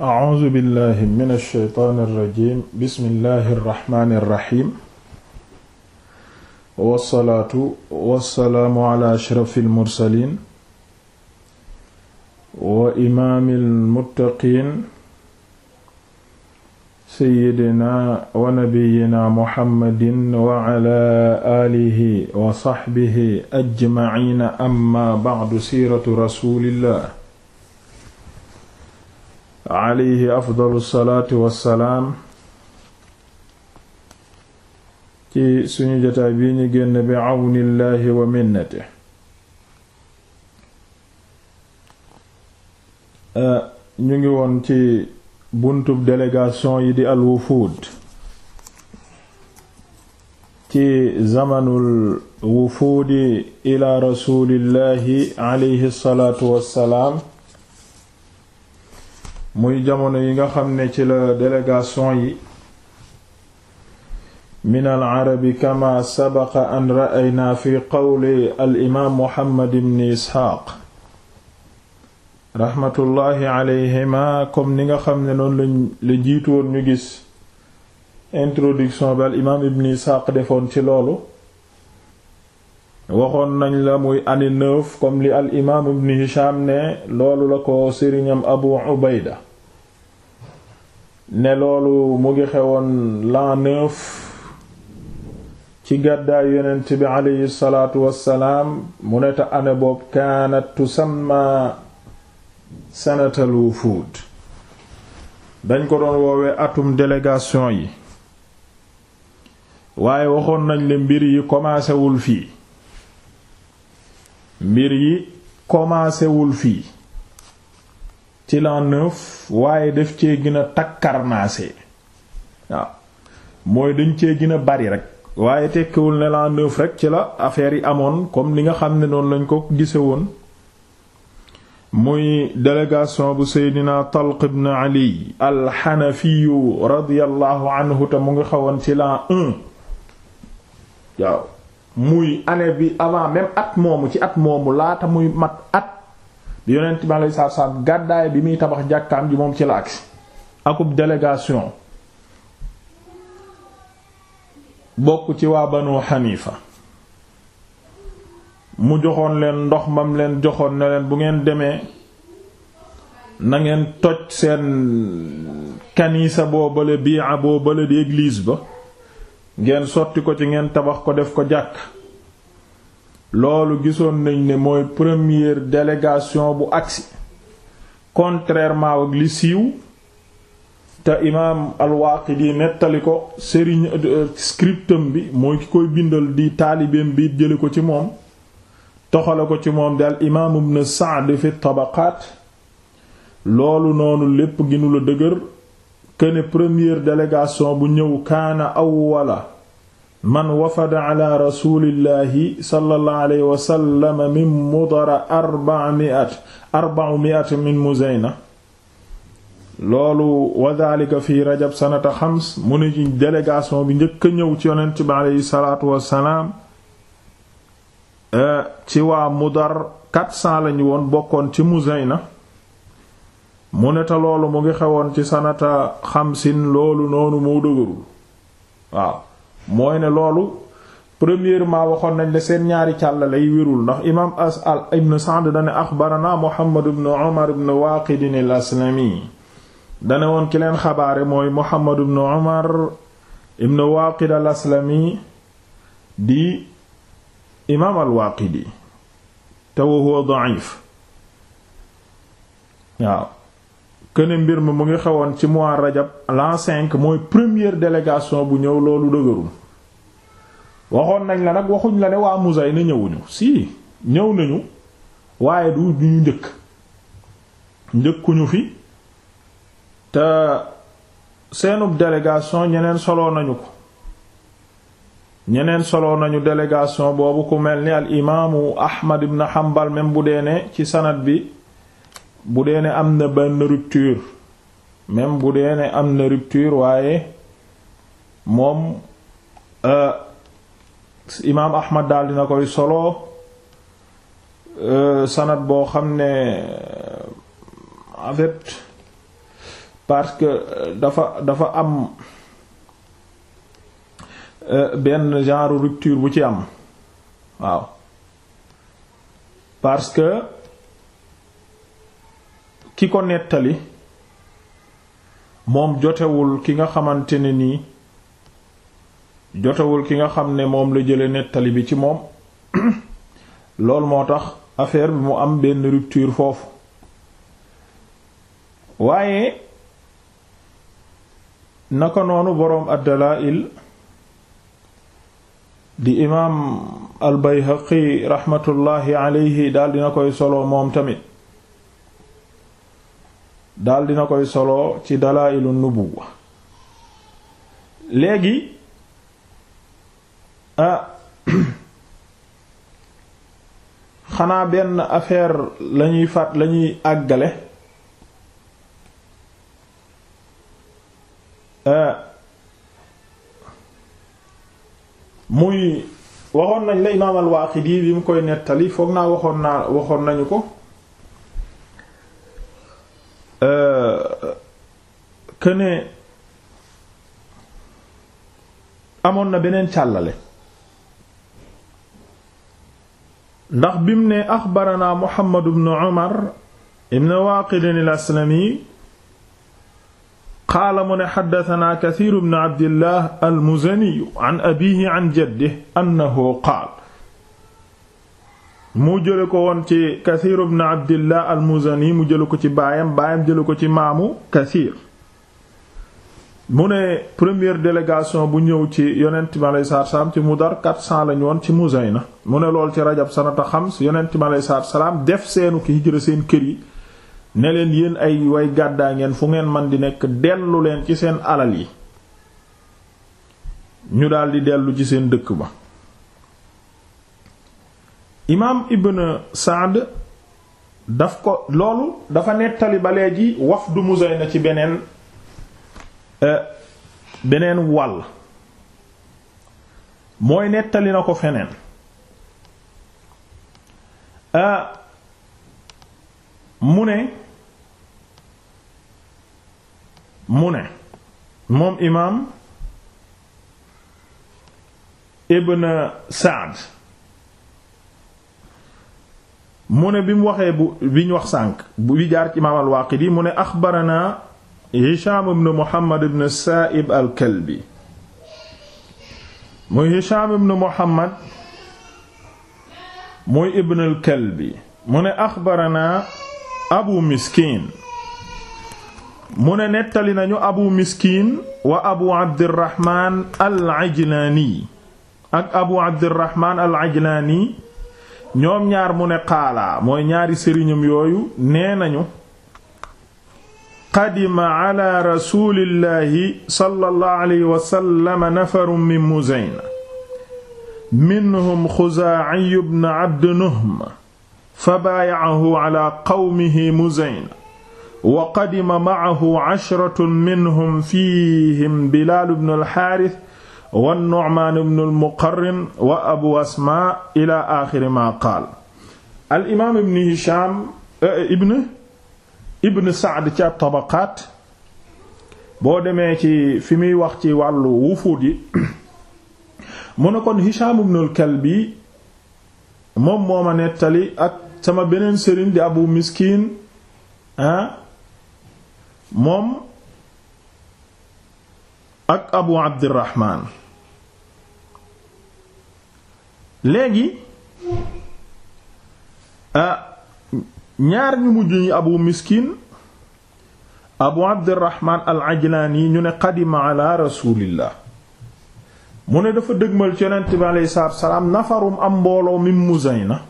a'uuzu billahi mina shaytaani rajiim bismillahi rahmaani rahiim. wasalaatu wasalaamu ala ashrafil mursaliin. wa imaamil muttaqiin. sayyidina wa nabiyyina muhammadin wa ala aalihi wa saxbihi ajmaciina amma ba'du siiratu rasulillah. alayhi afdalu salaatu wassalaam ci suñu jotaay bii ñu génn bi àwnillaahi wa minnate euh, ñu ngi woon ci buntub délégation yi di alwufuud ci zamanul wufuudi ila rasuulillaahi alayhi salaatu wassalaam muy jamono yi nga xam ne ci la délégation yi min al arabi kama sabaqa an ra'aynaa fi qawli al imaam muhammad ibn isxaaq raxmatullaahi alayhima comme ni nga xam ne noonu la la jiitoon ñu gis introduction bi al imaam ibn isxaaq defoon ci loolu waxoon nañ la muy année neuf comme li al imaam ibn Hisham ne loolu la ko sëriñam Abu Ubayda ne loolu mu ngi xewoon l'an neuf ci gàddaay yonent bi aleyhi salaatu wassalaam mu ne te année boobu kaanat tusamma sanatal wufuud dañ ko doon woowee atum délégation yi waaye waxoon nañ la mbir yi commencé fii mbir yi commencéwul fii ci l'an neuf waaye def cee gën a takkarnaase waaw mooy dañ cee gën a bari rek waaye tekkiwul ne l'an neuf rek ci la affaire yi amoon comme li nga xam ne noonu lañ ko gise woon muy délégation bu seydina Talq ibn Ali alxanafiyu radiallahu te mu ngi xawoon ci l'an un waaw muy année bi avant même at moomu ci at moomu laata muy mat at bi yonent bi alayhi salaatu salaam gàddaay bi muy tabax jàkkaam ji moom ci la agsi akub délégation bokk ci waa Banu Xanifa mu joxoon leen ndox mam leen joxoon ne bu ngeen demee na ngeen toj seen kanisa boobale bii boobale di église ba ngeen sotti ko ci ngeen tabax ko def ko jàkk loolu gisoon nañ ni mooy première délégation bu agsi contrairement ak li siiw te imaam al-Waaqidi nettali ko sëriñ euh, scriptum bi mooy ki koy bindal di taalibeem bi jële ko ci moom toxale ko ci moom daal na ibn Sa'd fi tabaqaat loolu noonu lépp ginu la dëgër këne première délégation bu ñëw kaana awwala man wafada ala rasulillahi min muzayna loolu wa dhalika fi rajab sanata xams mu ne ci délégation bi njëkka ñëw ci yonent bi aleyhi salaatu wassalaam eh, ci waa mudar 400 woon bokkoon ci muzayna mu ne te loolu mu ngi xewoon ci sanata xamsin loolu noonu moo dëgërul waaw mooy ne loolu premier ma waxoon nañ la seen ñaari càll lay wérul ndax imaam as al ibn Sa'd dane axbarana Muhammad ibn ibn Waaqid ki leen xabaare mooy Muhammad ibn Waaqid al-Aslami di imaam al-Waaqidi te wa huwa waaw këne mbir mi mu ngi xewoon ci mois rajab l'an cinq mooy première délégation bu ñëw loolu dëgërul waxoon nañ la nag waxuñ la ne waa Muzayna ñëwuñu si ñëw nañu waaye du ñu njëkk njëkkuñu fi te seenub délégation ñeneen soloo nañu ko ñeneen soloo nañu délégation boobu ku mel ni al imaamu Ahmad ibn Hanbal même bu dee ci sanad bi bu dee ne am na benn rupture même bu dee ne am na rupture waaye moom euh, imaam Ahmad daal dina koy solo euh, sanad boo xam ne en parce que euh, dafa dafa am benn genre rupture bu ci am waaw parce que. ki ko nettali moom jotewul ki nga xamante ne nii jotewul ki nga xam ne moom la jële nettali bi ci moom loolu moo tax affaire bi mu am benn rupture foofu waaye naka noonu boroom ad-Dalaa'il di imaam al-Bayhaqi raxmatullaahi aleyhi daal dina koy solo moom tamit daal dina koy soloo ci dalaa'ilu nubuwa léegi xanaa benn affaire lañuy faat lañuy àggale muy waxoon nañ la imaam al-Waaqidi bi mu koy nettali foog naa waxoon naa waxoon nañu ko Euh, que amoon na beneen càllale ndax bim ne axbarana Muhammad ibn Umar ibn Waaqid al-Aslami qaala mu ne xaddatanaa Kasiir ibn Abdillah al-Muzani an abiihi an jaddihi annahu mu jële ko woon ci Kasiir ibn Abdillah al-Muzani mu jële ko ci baayam baayam jële ko ci maamu Kasiir mu ne première délégation bu ñëw ci yonent mi aleyhi salaatu salaam ci Mudar 400 lañu woon ci na mu ne lool ci rajab sanata xams yonent mi aleyhi salaatu salaam def seenu ki hijra seen kër yi ne leen yéen ay way gàddaa ngeen fu ngeen man di nekk dellu leen ci seen alal yi ñu daldi dellu ci seen dëkk ba imaam ibn Saad daf ko loolu dafa nettali ba léegi wax du wafdu Muzayna ci beneen e, beneen wàll mooy nettali na ko feneen e, mu ne mu ne moom imaam ibn Saad mu ne bi mu waxee bu bi ñu wax sànq bu bi jaar ci mu ne axbaranaa Hishaam ibn Muhammad ibn Saa'ib al-Kalbi muy Hishaam ibn Muhammad muy ibn al mu ne axbaranaa Abu Miskiin mu ne nettali nañu Abu Miskiin wa Abu Abdirrahmaan al-Ajlaani ak Abu Abdirrahmaan al-Ajlaani ñoom ñaar mu ne xaalaa mooy ñaari sëriñam yooyu nee nañu qadima ala rasulillahi sallallahu alayhi wa sallam nafarun min Muzayna minhum Xuzaa'i ibn Abd Nuhm fabaaya'ahu ala qawmihi Muzayna wa qadima ma'ahu 'ashratun minhum fiihim Bilaal ibn al-Haarith wa Nu'maan ibn Abu Asmaa ila aaxiri maa qaal al imaam ibn Hishaam eh, ibn ibn Sa'd ci Tabaqaat boo demee ci fi muy wax ci wàllu wufuud yi mu ne kon Hishaam ibn al-Kalbi moom moo ma nettali ak sama beneen sëriñ di Abu Miskiin ah ak Abu Abdirahmaan léegi euh, ñaar ñu mujj ñi abu miskin abu abdirahman al ajlaani ñu ne qadima ala rasulillah mu ne dafa dëgmal ci yonent bi aleyhi salaatu salaam nafarum am mbooloo min muzayna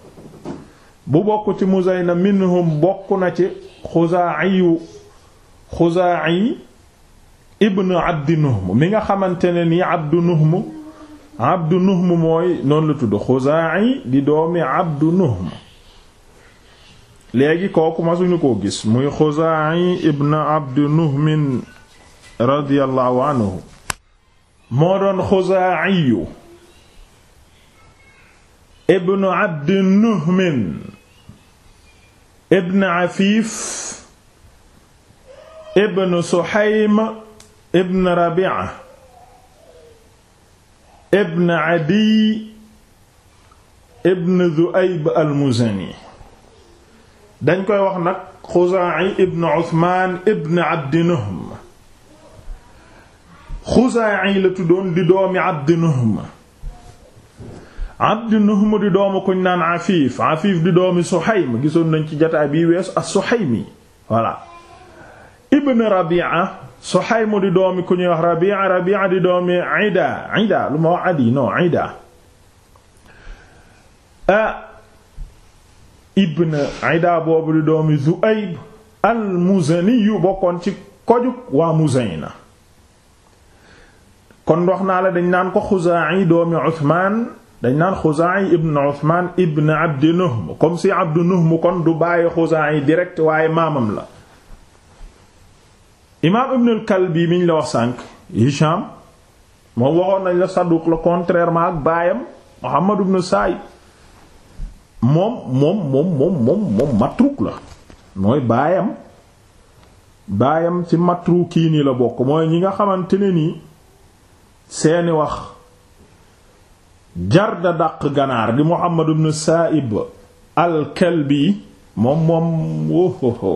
bu bokk ci muzayna minhum bokk na ci xuzaa'iyu xuzaa'i ibn abdi nuhm mi nga xamante ne nii abdu nuhm abdu noonu la tudd xuzaa'i di doomi léegi kooku masuñu koo gis muy xuzaa'i ibn abdu nuhmin radiyallahu anhu moo doon xuzaa'iyu ibn abdu nuhmin ibn afiif ibn suhaym ibn rabi'a ibn Adiy ibn Du'ayb al dañ koy wax nag Xuzaa'i ibn Usmaan ibn Abdi Nuhm Xuzaa'i la tuddoon di doomi Abdi Nuhm Abdi Nuhm di doomu kuñ naan Afiif Afiif di doomi Suhaym gisoon nañ ci jataay bi weesu as-Suhaymi voilà ibn Rabi'a Suhaym di doomi ku ñuy wax Rabi'a Rabi'a di doomi Ida Ida lu ma wax Adi non Ida ah ibn Ida boobu di doomi Zu'ayb al-Muzani yu bokkoon ci kojuk waa Muzayna kon wax naa la dañ naan ko Xuzaa'i doomi Usmaan dañ naan Xuzaa'i ibn Usmaan ibn Abdi Nuhm comme si Abdi Nuhm kon du bàyyi Xuzaa'i direct waaye maamam la imaam Ibn al-Kalbi ñu la wax sànq Hisham moom waxoon nañ la saduq la contrairement ak baayam Muhammad ibn Sa'id moom moom moom moom moom matruk la mooy baayam baayam ci matrukiin yi la bokk mooy ñi nga xamante ne nii seeni wax jar daq ganaar di Muhammad ibn Sa'ib al moom moom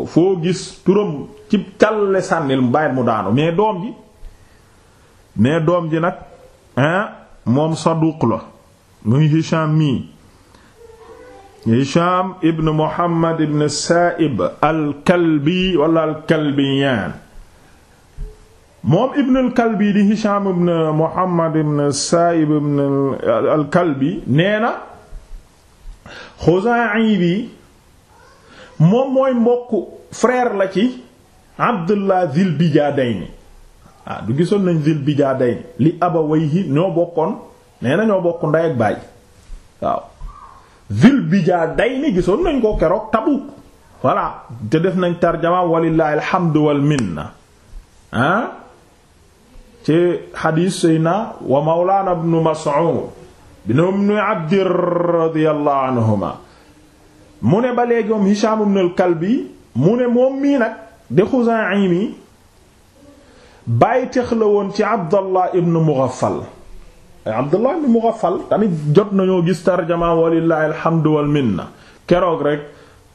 foo gis turam ci càlle sànnil mu bàyyil mu daanu mais doom ji mais doom ji nag hein moom saduq la muy Hisham mii Hisham ibn Muhammad ibn Sa'ib al-Kalbi wala al-Kalbiyan moom ibn al-Kalbi di Hisham ibn Muhammad ibn Sa'ib ibn al-Kalbi nee na Xuzaa'i bi moom mooy mbokk frère la ci abdullah zil bijaadayni ah du gisoon nañ zil bijaadayni li abawayhi ñoo bokkoon nee na ñoo bokk ndey ak baay waaw zil bijaadayni gisoon nañ koo keroog Tabuk voilà te def nañ tarjama walillahi alhamdu wal minna ah? ci xadiis sayna wa mawlana ibnu mas'ud ibnu abdi radiyallahu anhuma mu ne ba léegi moom Hisham ibn al-Kalbi mu ne moom mii nag di Xuzaa'i mi bàyyi tex la woon ci Abdallah ibn Mughaffal Abdallah ibn Mughaffal tamit jot nañoo gis tarjama walillahi alhamdu wal minna keroog rek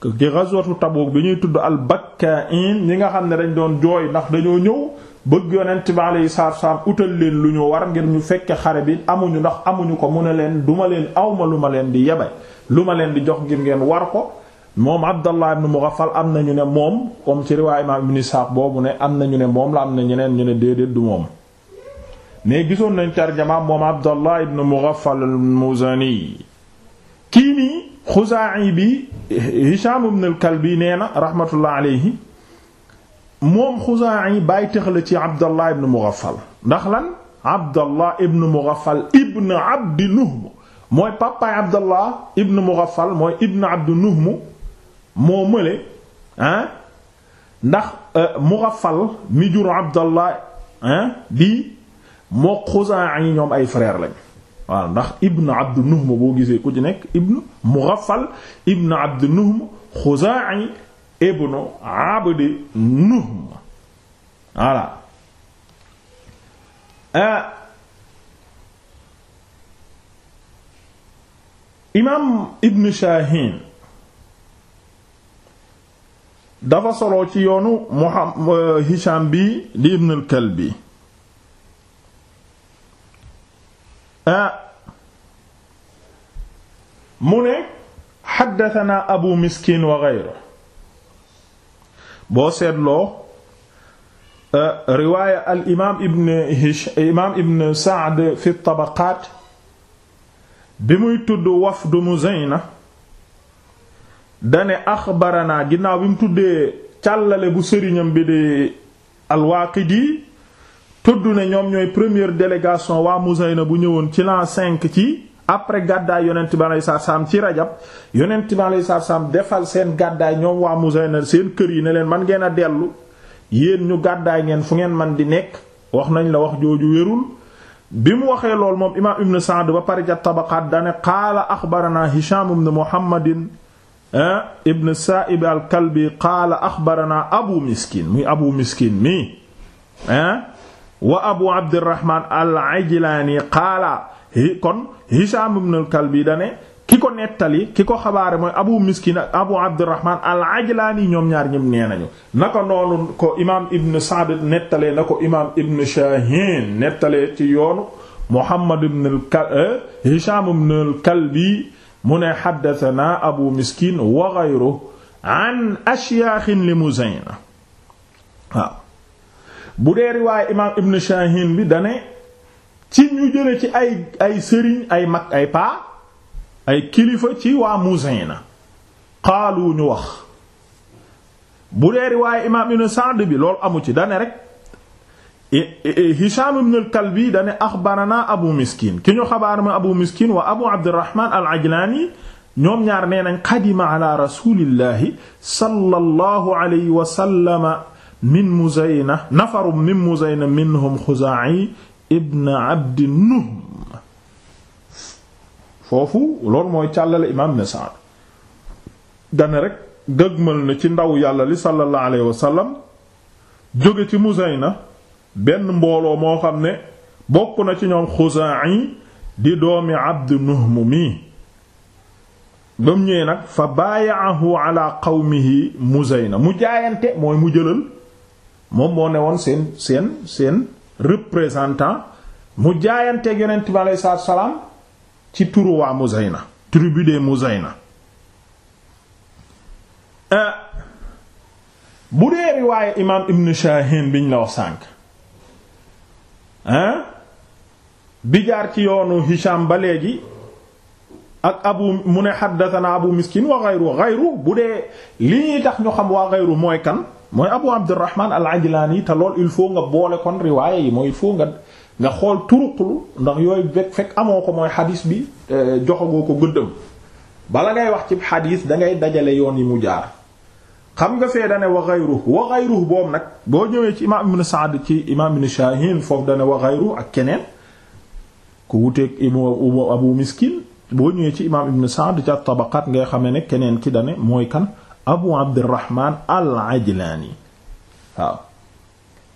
ci ghazwatu Tabuk bi ñuy tudd al-Bakkaa'iin ñi nga xam ne dañ doon jooy ndax dañoo ñëw bëgg yonent bi alayhi salaatu wa salaam utal leen lu ñu war ngir ñu fekke xare bi amuñu ndax amuñu ko mu ne leen duma leen awma lu ma leen di yebay lu ma leen di jox ngir ngeen war ko moom Abdallah ibn Mughaffal am na ñu ne moom comme ci riwaay imaam ibn Ishaq boobu ne am na ñu ne moom la am na ñeneen ñu ne déedéet du moom mais gisoon nañ tarjama moom Abdallah ibn Mughaffal al-Muzani kii nii Xuzaa'i bi Hisham ibn al-Kalbi nee na rahmatullah alayhi moom Xuzaa'i bàyyi tëxla ci Abdallah ibn Mughaffal ndax lan Abdallah ibn Mughaffal ibn Abdi Nuhm mooy papaay Abdallah ibn Mughaffal mooy ibn Abdi Nuhm moo mële ndax euh, Mughaffal mi jur Abdallah ah bii moo Xuzaa yi ñoom ay frère lañ waaw ndax Ibn Abd Nuhm boo gisee ku ci nekk Ibn Mughaffal Ibn Abd Nuhm Xuzaa yi Ibn Abd Nuhm voilà euh, imaam Ibn Shahin. dafa solo ci yoonu Muhammad euh, Hisham bi di Ibn al-Kalbi ah mu ne xaddatanaa Abu Miskin wa ghayru boo seetloo euh, riwaaya al imaam Ibn Hish imaam Ibn Sa'd fi tabaqaat bi muy tudd wafdu Muzayna dane axbaranaa ginnaaw bi mu tuddee càllale bu sëriñam bi di al-Waaqidi tudd ne ñoom ñooy première délégation waa Muzayna bu ñëwoon ci l'an 5 ci après gàddaay yonent bi aleyhi salaatu salaam ci rajab yonent bi aleyhi salaatu salaam defal seen gàddaay ñoom waa Muzayna seen kër yi ne leen man ngeen a dellu yéen ñu gàddaay ngeen fu ngeen man di nekk wax nañ la wax jooju wérul bi mu waxee lool moom imaam ibn Sa'd ba pare ca tabaqaat dane qaala axbaranaa Hishaam ibn Muhammadin Eh? ibn Sa'ib al-Kalbi qaala axbaranaa abu miskin muy abu miskin mi eh? wa abu Abdirahman al-Ajlaani qaala kon Hicham ibn al-Kalbi da ki ko nettali ki ko xabaare mooy abu miskin ak abu Abdirahman al-Ajlaani ñoom ñaar ñëpp nee nañu. naka noonu ko imaam ibn Sa'd nettalee na ko imaam ibn Shaahin nettalee ci yoonu Muhammad ibn eh? al-Kalbi al-Kalbi mu ne xaddatana abu miskin wa gayru an ashyaaxin li muzayna waaw bu dee riwaay imaam ibn shahin bi dane ci ñu jële ci ay ay sëriñ ay mag ay paa ay kilifa ci waa muzayna qaalu ñu wax bu dee riwaay imaam ibn sa'd bi loolu amul ci dane rek Hisham ibn al-Kalbi dane axbarana Abu Miskin ki ñu xabaar ma Abu Miskin wa Abu Abdurrahman al-Ajlani ñoom ñaar nee nañ qadima ala rasulillahi sallallahu alayhi wa sallama min Muzayna nafaru min Muzayna minhum Xuzaa'i ibn Abdi Nuhm foofu loolu mooy càllale imaam Ibn Sa'd dana rek dëgmal na ci ndaw yàlla li sallallahu alayhi wa sallam jóge ci Muzayna benn mbooloo moo xam ne bokk na ci ñoom Xuzaa'i di doomi Abd Nuhm mi ba mu ñëwee nag fa baayaahu ala qawmihi Muzayna mu jaayante mooy mu jëlal moom moo ne woon seen seen seen représentant mu jaayante yonent bi aleyhi salaatu salaam ci turu waa Muzayna tribu de Muzayna eh, bu dee riwaaye imaam Ibn Shaahin biñ la wax sànk hein bi jaar ci yoonu Hisham ba léegi ak abu mu ne xaddatana abu miskin wa gayru gayru bu dee li ñuy tax ñu xam waa gayru mooy kan mooy abu abdurrahman al ajlaani te lool il faut nga boole kon riwaaya yi mooy il faut nga nga xool turuqlu ndax yooyu fekk fekk amoo ko mooy xadiis bi euh, joxagoo ko gëddëm bala ngay wax ci xadiis dangay dajale yoon yi mu jaar xam nga fee dane wa ghayruhu wa ghayruhu boobu nag boo ñëwee ci imaam ibn Sa'd ci imaam ibn Shahin foofu dane wa ghayruhu ak keneen ku wuteeg imaam Abu boo ñëwee ci imaam ibn Sa'd ca tabaqaat ngay xamee ne keneen ki dane mooy kan Abu Abdurrahman al-Ajlani waaw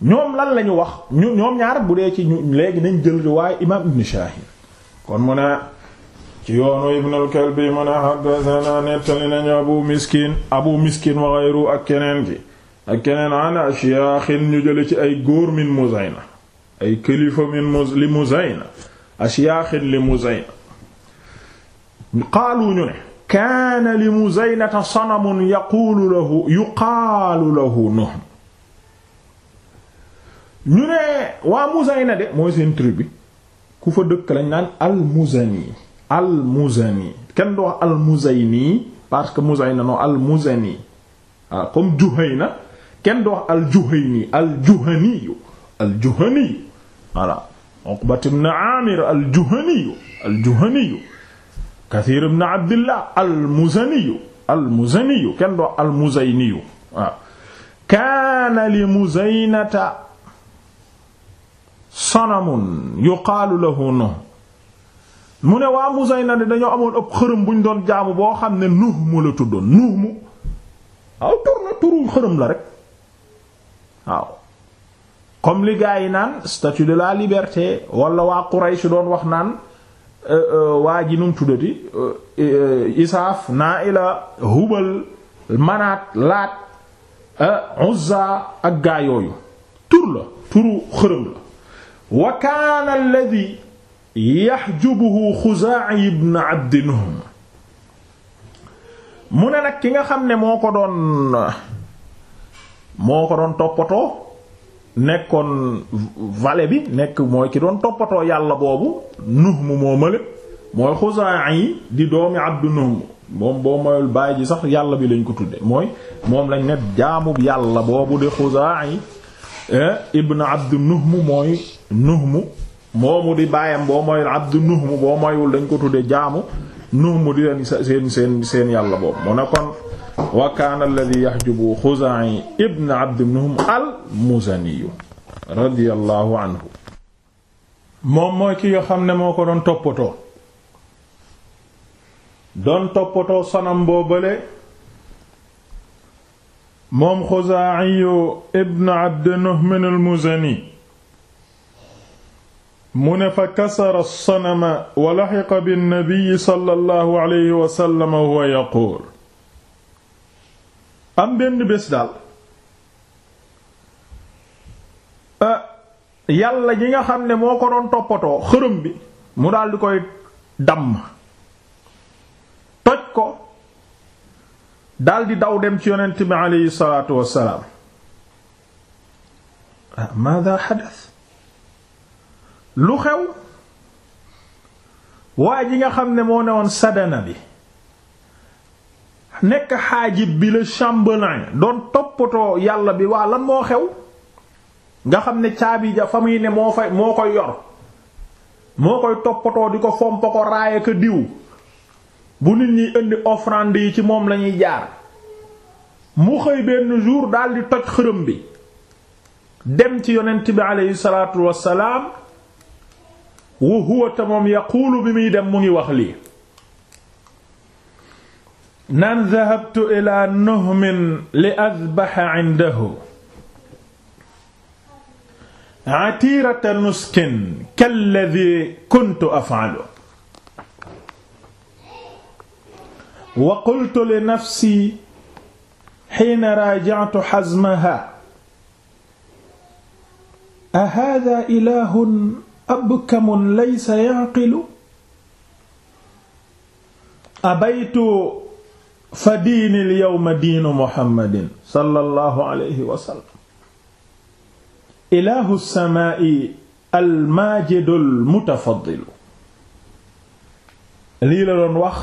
ñoom lan la wax ñu ñoom ñaar bu dee ci ñu léegi nañ jël riwaay imaam ibn Shahin kon mu ne ci yoonu ibn al-Kalbi mu ne haddathana nettali abu miskin abu miskin wa ghayru ak keneen ak keneen an ashyaaxin ñu jële ci ay góor min Muzayna ay kilifa min li Muzayna ashyaaxin li Muzayna qaalu ñu ne li Muzaynata sanamun yaquulu lahu yuqaalu lahu Nuhm ñu ne Muzayna de mooy seen tribu dëkk lañ naan al-Muzani al-Muzani kenn du wax al-Muzayni parce que Muzayna non al-Muzani ah comme Juhayna kenn du wax al-Juhayni al-Juhani al-Juhani voilà Uqbat ibn Amir al-Juhani al-Juhani Kathir ibn Abdillah al-Muzani al-Muzani kenn du wax al-Muzayni waaw kaana li Muzaynata sanamun yuqaalu lahu mu ne waa Muzayna ne dañoo amoon ëpp xërëm bu ñu doon jaamu boo xam ne nuux mu la tuddoon nuux mu aw tur turu xërëm la rek waaw comme li gaa yi naan statue de la liberté wala waa Quraysh doon wax naan euh, euh, waa ji nu mu tuddati euh, Isaaf Naa'ila Hubal Manaat Laat Uzza ak gaa yooyu tur la turu xërëm la wa kaana alladhi yaxjubuhu Xuzaa'i ibn Abdi Nuhm mu ne nag ki nga xam ne moo ko doon moo ko doon toppatoo nekkoon valet bi nekk mooy ki doon toppatoo yàlla boobu Nuhm moo mële mooy Xuzaa'i di doomi Abdi Nuhm moom boo moyul baay sax yàlla bi lañ ko tudde mooy moom lañ ne jaamub yàlla boobu di Xuzaa'i eh, ibn Abdi Nuhm mooy Nuhm moomu di baayam boo dañ ko tuddee jaamu yàlla boobu mu ne kon wa kaana alladhi yahjubu xuzaa'i moom mooy ki nga xam ne moo ko doon toppatoo doon toppatoo sanam boobale moom xuzaa'i ibn abdi nuhm al muzani mune ne fa kasara sanama wa laxiqa binnabiyi sallallahu alayhi wasallam am benn bés daal ah, yàlla yi nga xam ne moo ko doon toppatoo xërëm bi mu daldi koy damm toj ko daldi daw dem ci yonent bi aleyhi salaatu wassalaam ah, maada xadas lu xew waa ji nga xam ne moo ne woon sadana bi nekk xaajib bi la chambellan doon toppatoo yàlla bi waa lan moo xew nga xam ne caabi ja fa muy ne moo fay moo koy yor moo koy toppatoo di ko fompa ko raaya ko diw bu nit ñi indi offrande yi ci moom lañuy jaar mu xëy benn jour daldi toj xërëm bi dem ci yonent bi aleyhi salaatu wassalaam wa huwa ta moom yaquulu bi muy dem mu ngi wax lii naan dahabtu ila nuhmin li azbaxa indahu atiirata nuskin kalladi kuntu afaalu wa qultu li nafsi xiina raajactu xasmaha ahaada ilaahun abkamun laysa yaqilu abaytu fa diinil yawma diinu muhammadin sallallahu alayhi wa sallam ilaahu samaa'i almaajidul mutafaddilu lii la doon wax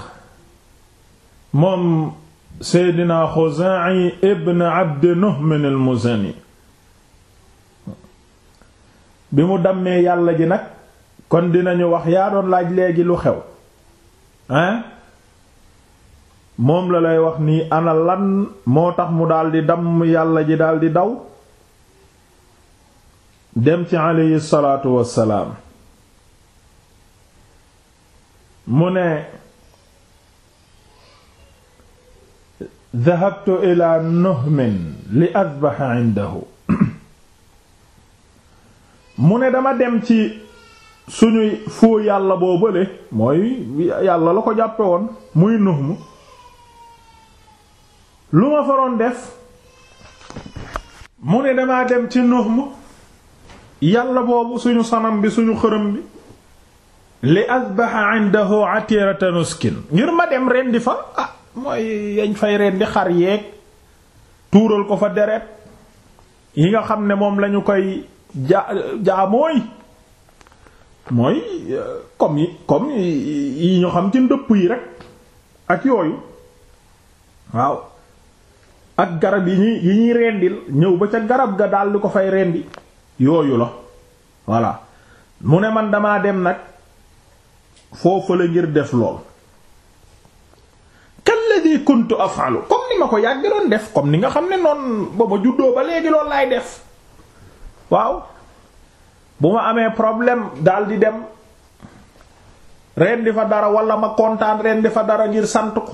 moom seydina xuzaa'i ibn abdi nuhmin almuzani bi mu dammee yàlla ji nag kon dinañu wax yaa doon laaj léegi lu xew hein moom la lay wax nii ana lan moo tax mu daldi damm yàlla ji daldi daw dem ci aleyhi salaatu wassalaam mu ne dhahabtu ila nuhmin li adbaha indahu mu ne dama dem ci suñuy foo yàlla boo bële mooy yàlla la ko jàppe woon muy nux mu lu ma faroon def mu ne damaa dem ci nux yàlla boobu suñu sanam bi suñu xërëm bi li asbaha indahu atirata nuskin ngir ma dem rendi fa ah mooy yañ fay rendi xar yeeg tuural ko fa deret yi nga xam ne moom lañu koy ja jaa mooy mooy euh, comme yi comme yi ñu xam ci ndëpp yi rek ak yooyu waaw ak garab yi ñuy yi ñuy rendil ñëw ba ca garab ga daal di ko fay rendi yooyu la voilà mu ne man damaa dem nag foofu la ngir def lool kalladhi kuntu af'alu comme ni ma ko yàgg doon def comme ni nga xam ne noon ba ma juddoo ba léegi loolu laay def waaw bu ma amee problème daal di dem ren di fa dara walla ma kontaan ren di fa dara ngir sant ko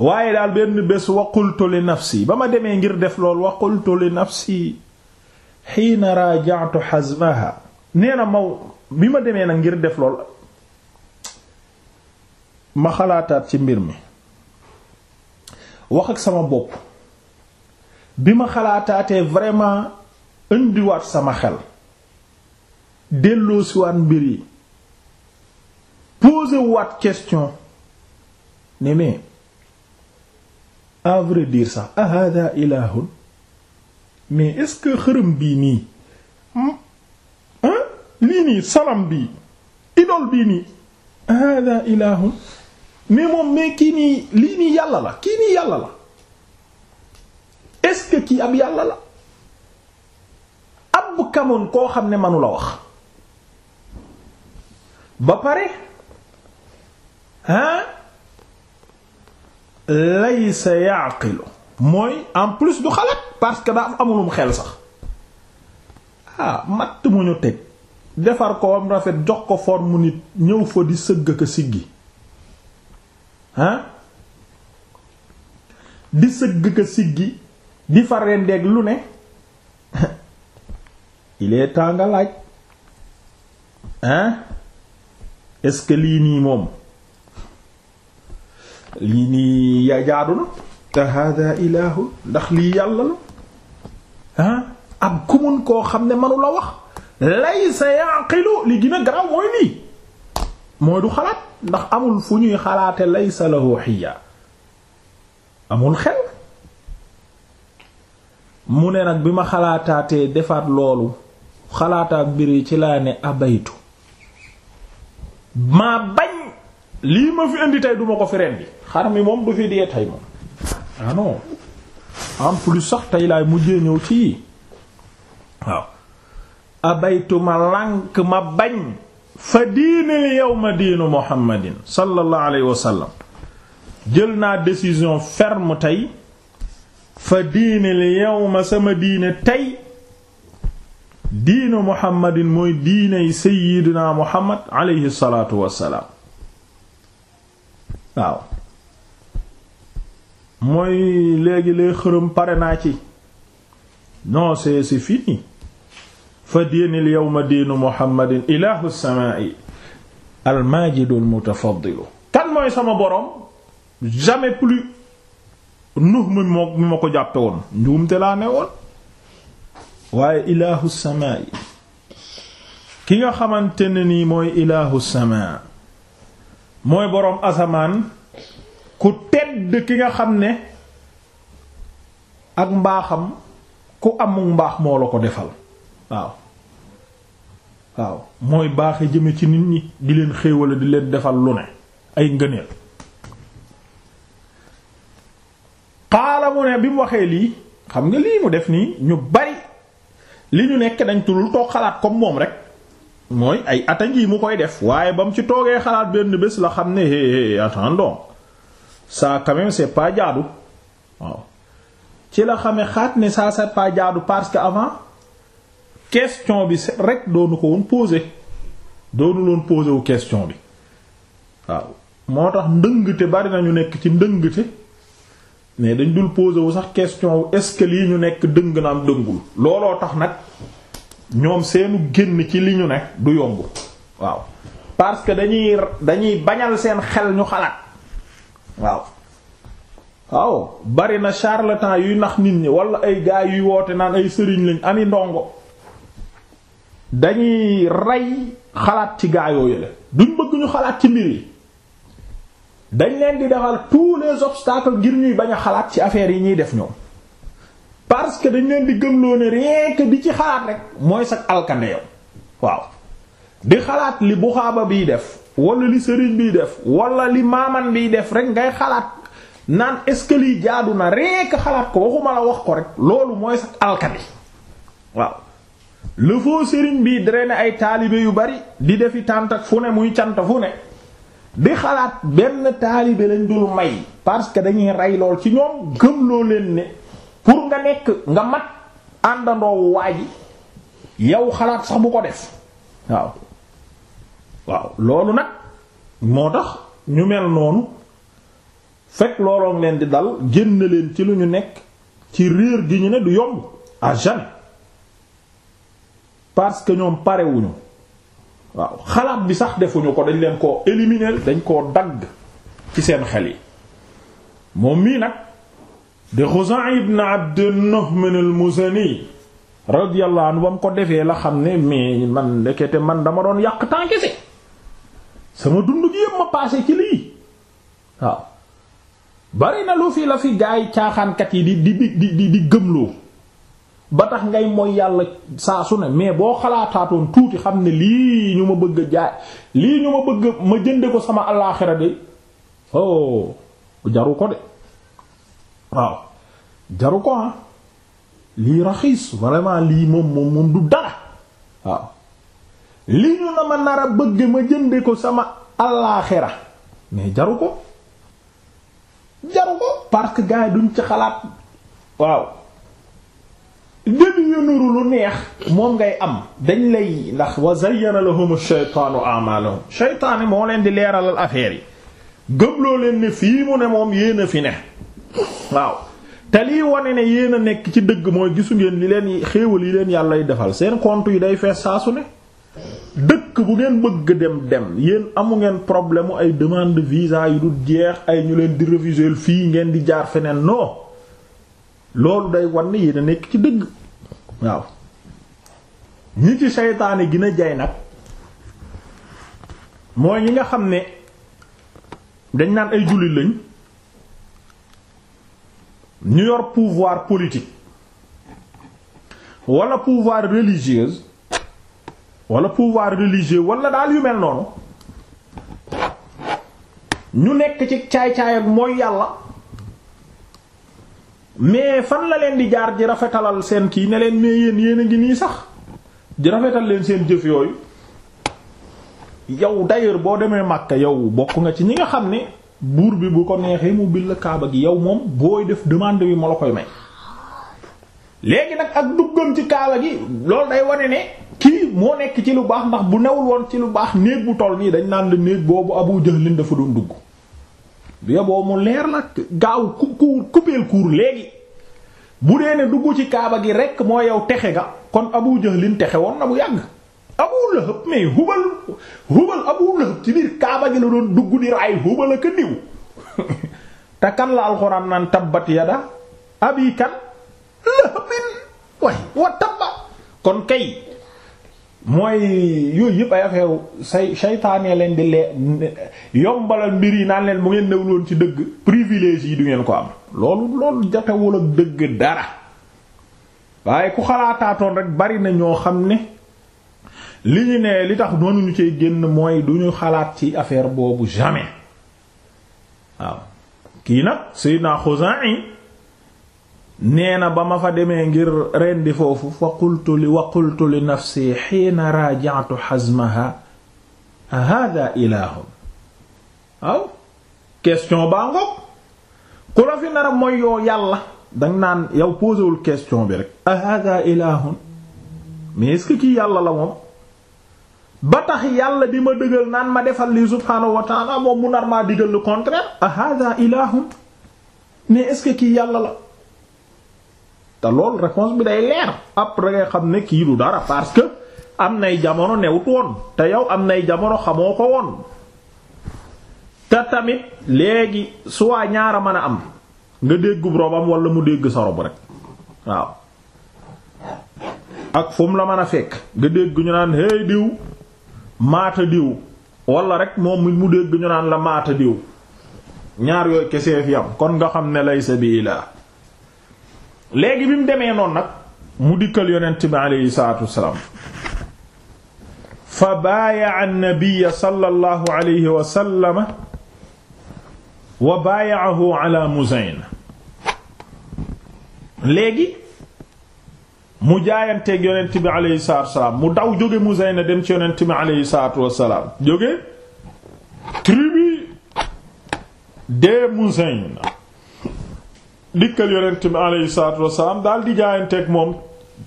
waaye daal benn bés wa qultu li nafsi ba ma demee ngir def lool wa qultu li nafsi xiina raja'tu hazmaha nee na maw bi ma demee nag ngir def lool ma xalaataat ci mbir mi wax ak sama bopp bi ma xalaataatee vraiment indiwaat sama xel delloosiwaat mbir yi poser waat question ne mais à vrai sax a hada ilahun mais est-ce que xërëm bii nii hmm, lii nii salam bii idole bii nii hada ilahun mais moom mais kii nii lii nii yàlla la kii nii yàlla la est-ce kii ab yàlla la ab kamun koo xam ne manula wax ba pare ah laysa yaaqilu mooy en plus du xalaat parce que daa amulum xel sax ah matt mu ñu teg defar ko am rafet jox ko forme nit ñëw fa di sëgg ka siggi ah di sëgg ka siggi di fa rendeeg lu ne il tàngalaaj temps nga est-ce lii nii moom lii nii ya jaadu na te hada ilahu ndax lii yàlla la ah ab ku mun koo xam ne manu la wax laysa yaqilu li gën a mooy lii mooy du xalaat ndax amul fu ñuy xalaate laysa lahu xiya amul xel mu ne nag bi ma xalaataatee defaat loolu xalaataak mbir yi ci laa ne abaytu maa bañ lii ma fi indi tey duma ko fi ren bi xar mi moom du fi dee tey moom ah non en plus sax tey laay mujjee ñëw ci yi waaw abaytu ma lànk ma bañ fa diinil yawma diinu muhammadin sallallahu alayhi wa jël naa décision ferme tey fa diinil yawma sama diine tey diinu muhammadin mooy diinay sayyidina muhammad aleyhi salaatu wassalaam waaw mooy léegi lay xërëm pare naa ci non c'est c'est fini fa diinil yawma diinu muhammadin ilaahu samaa'i almajidul mutafaddilu kan mooy sama boroom jamais plus nuux mi moo ma ko jàppe woon njuumte laa ne woon waaye ilaahu samaa ki nga xamante ne nii mooy ilaahu samaa mooy boroom asamaan ku tedd ki nga xam ne ak mbaaxam ku amul mbaax moo la ko defal waaw waaw mooy baaxe jëme ci nit ñi di leen xéewale di leen defal lu ne ay ngëneel qaala mu ne bi mu waxee lii xam nga lii mu def nii ñu bari li ñu nekk dañ tulul toog xalaat comme moom rek mooy ay ata ngi mu koy def waaye ba mu ci toogee xalaat benn bés la xam ne hé hé attendons ça quand même c'est pas jaadu waaw ci la xamee xaat ne ça c'est pas parce que avant question bi rek doonu ko woon poser doonu loon poser wu question bi waaw moo tax ndëngte bari nañu nekk ci ndëngte mais dañ dul poser wu sax question wu est-ce que lii ñu nekk dëng na am dëngul looloo tax nag ñoom seenu génn ci li ñu ne du yomb waaw parce que dañuy dañuy bañal seen xel ñu xalaat waaw na charlatan yuy nax nit ñi wala ay gaay yuy woote naan ay sëriñ lañ ami ndongo dañuy rey xalaat ci gaayoo yële duñ bëgg ñu xalaat ci mbir yi dañ leen di defal tous les obstacles ngir ñuy bañ a xalaat ci affaires yi ñuy def ñoom parce que dañ leen di gëmloo ne rien que di ci xalaat rek mooy sax alkande yow waaw di xalaat li buxaaba biy def wala li sëriñ biy def wala li maaman biy def rek ngay xalaat naan est-ce que lii jaadu na rien que xalaat ko waxuma la wax ko rek loolu mooy sax alkande waaw le faux sëriñ bi drainer ay taalibe yu bari di defi tàntak ak fu ne muy cant fu ne di xalaat benn taalibe lañ dul may parce que dañuy rey lool ci ñoom gëm loo leen ne pour nga nekk nga mat àndandoo waa ji yow xalaat sax bu ko def waaw loolu nag moo tax ñu mel noonu fekk looloo leen di dal génn leen ci lu ñu nekk ci réer gi ñu ne du yomb à jamais parce que ñoom parewuñu waaw xalaat bi sax defuñu ko dañ leen koo éliminer dañ koo dagg ci seen xel yi moom mii nag de Xuzaa ibn Abd Nu'man al-Muzani radiyallahu anhu ba mu ko defee la xam ne mais man ndekete man dama doon yàq tànkese sama dund gi yëpp ma paase ci lii waaw bari lu fi la fi gaay caaxaankat yi di di di di di gëmloo ba tax ngay mooy yàlla saa su ne mais boo xalaataatoon tuuti xam ne lii ñu ma bëgg a jaay lii ñu ma bëgg ma jënde ko sama alaaxira de oh jaru ko de waaw jaru ko ah lii raxiis vraiment lii moom moom du dara waaw lii ñu na ma nar bëgg ma jënde ko sama alaaxira mais jaru ko jaru ko parce que duñ ci xalaat waaw début yu nuru lu neex moom ngay am dañ lay ndax wa zayyana lahum shaytaanu a'maalahum shaytaani moo leen di leeralal affaire yi gëmloo leen ne fii mu ne moom yéen a fi ne waaw te lii wane ne yéen a nekk ci dëgg mooy gisu ngeen li leen xéewal yi leen yàllay defal seen compte yi day fees saa ne dëkk bu ngeen bëgg dem dem yéen amu ngeen problème ay demand de visa yi du jeex ay ñu leen di refuser fii ngeen di jaar feneen non loolu day wan ne yéen nekk ci dëgg waaw ñi ci seytaane gën a jay nag mooy ñi nga xam ne dañ naan ay jullit lañ ñu yor pouvoir politique wala pouvoir religieuse walla pouvoir religieux wala daal yu mel noonu ñu nekk ci caay-caay mooy yàlla mais fan la leen di jaar ji rafetalal seen kii ne leen mais yéen yéen a ngi nii sax ji rafetal leen seen jëf yooyu yow d'ailleurs boo demee Makka yow bokk nga ci ñi nga xam ne buur bi bu ko neexee mu bil Kaaba gi yow moom booy def demande bi ma la koy may. léegi nag ak duggam ci Kaaba gi loolu day wane ne kii moo nekk ci lu baax ndax bu newul woon ci lu baax néeg bu toll nii dañ naan la néeg boobu Abu jël Jahl dafa doon dugg. bi yoboo mu leer la gaaw ku kuur léegi bu dee ne dugg ci kaaba gi rekk moo yow texe nga kon Abu Jahlin texe woon na bu yàgg Abu Lahab mais hubal hubal Abu Lahab ci biir kaaba gi la doon dugg di raay hubal ak niw te kan la alxuraan naan tabbat yada abi kan lahabin way wa tabba kon kay mooy yooyu yëpp ay affaire say saytaane leen di lee yombalal mbir yi naan leen mu ngeen newloon ci dëgg privilège yi du ngeen ko am loolu loolu jafewul ak dëgg dara waaye ku xalaataatoon rek bari na ñoo xam ne li ñu ne li tax noonu ci génn mooy du ñu xalaat ci affaire boobu jamais waaw kii nag Sayyidna Khuzai nee na ba ma fa demee ngir rendi foofu fa qultu li wa qultu li nafsi xiina raaja'tu xasmaha hada ilahun waaw question baa ngoog ku fi nara mooy yàlla danga naan yow posewul question bi rek a hada ilahun mais est-ce que kii yàlla la moom ba tax yàlla di ma dëggal naan ma defal li subhaanahu wa moom mu nar maa digal le contraire a hada ilahun mais est kii yàlla la te loolu réponse bi day leer après ngay xam ne kii du dara parce que am nay jamono newut woon te yow am nay jamono xamoo ko woon te tamit léegi soit ñaara mën a am nga déggub robam wala mu dégg sa rob rek waaw ak fu la mën a fekk nga dégg ñu naan hey diw maata diw wala rek moom mu dégg ñu naan la maata diw ñaar yooyu kesee fi am kon nga xam ne lay sa bi ilaa léegi bi mu demee noonu nag mu dikkal yonent bi aleyhi salaatu wassalaam fa baayaa annabiya sallallahu alayhi wa sallama wa baayaahu ala Muzayn léegi mu jaayanteeg yonent bi aleyhi salaatu mu daw jóge Muzayn dem ci yonent bi aleyhi salaatu wassalaam jóge tribu de Muzayn dikkal yonent bi aleyhi salaatu wasalaam daal di jaayanteeg moom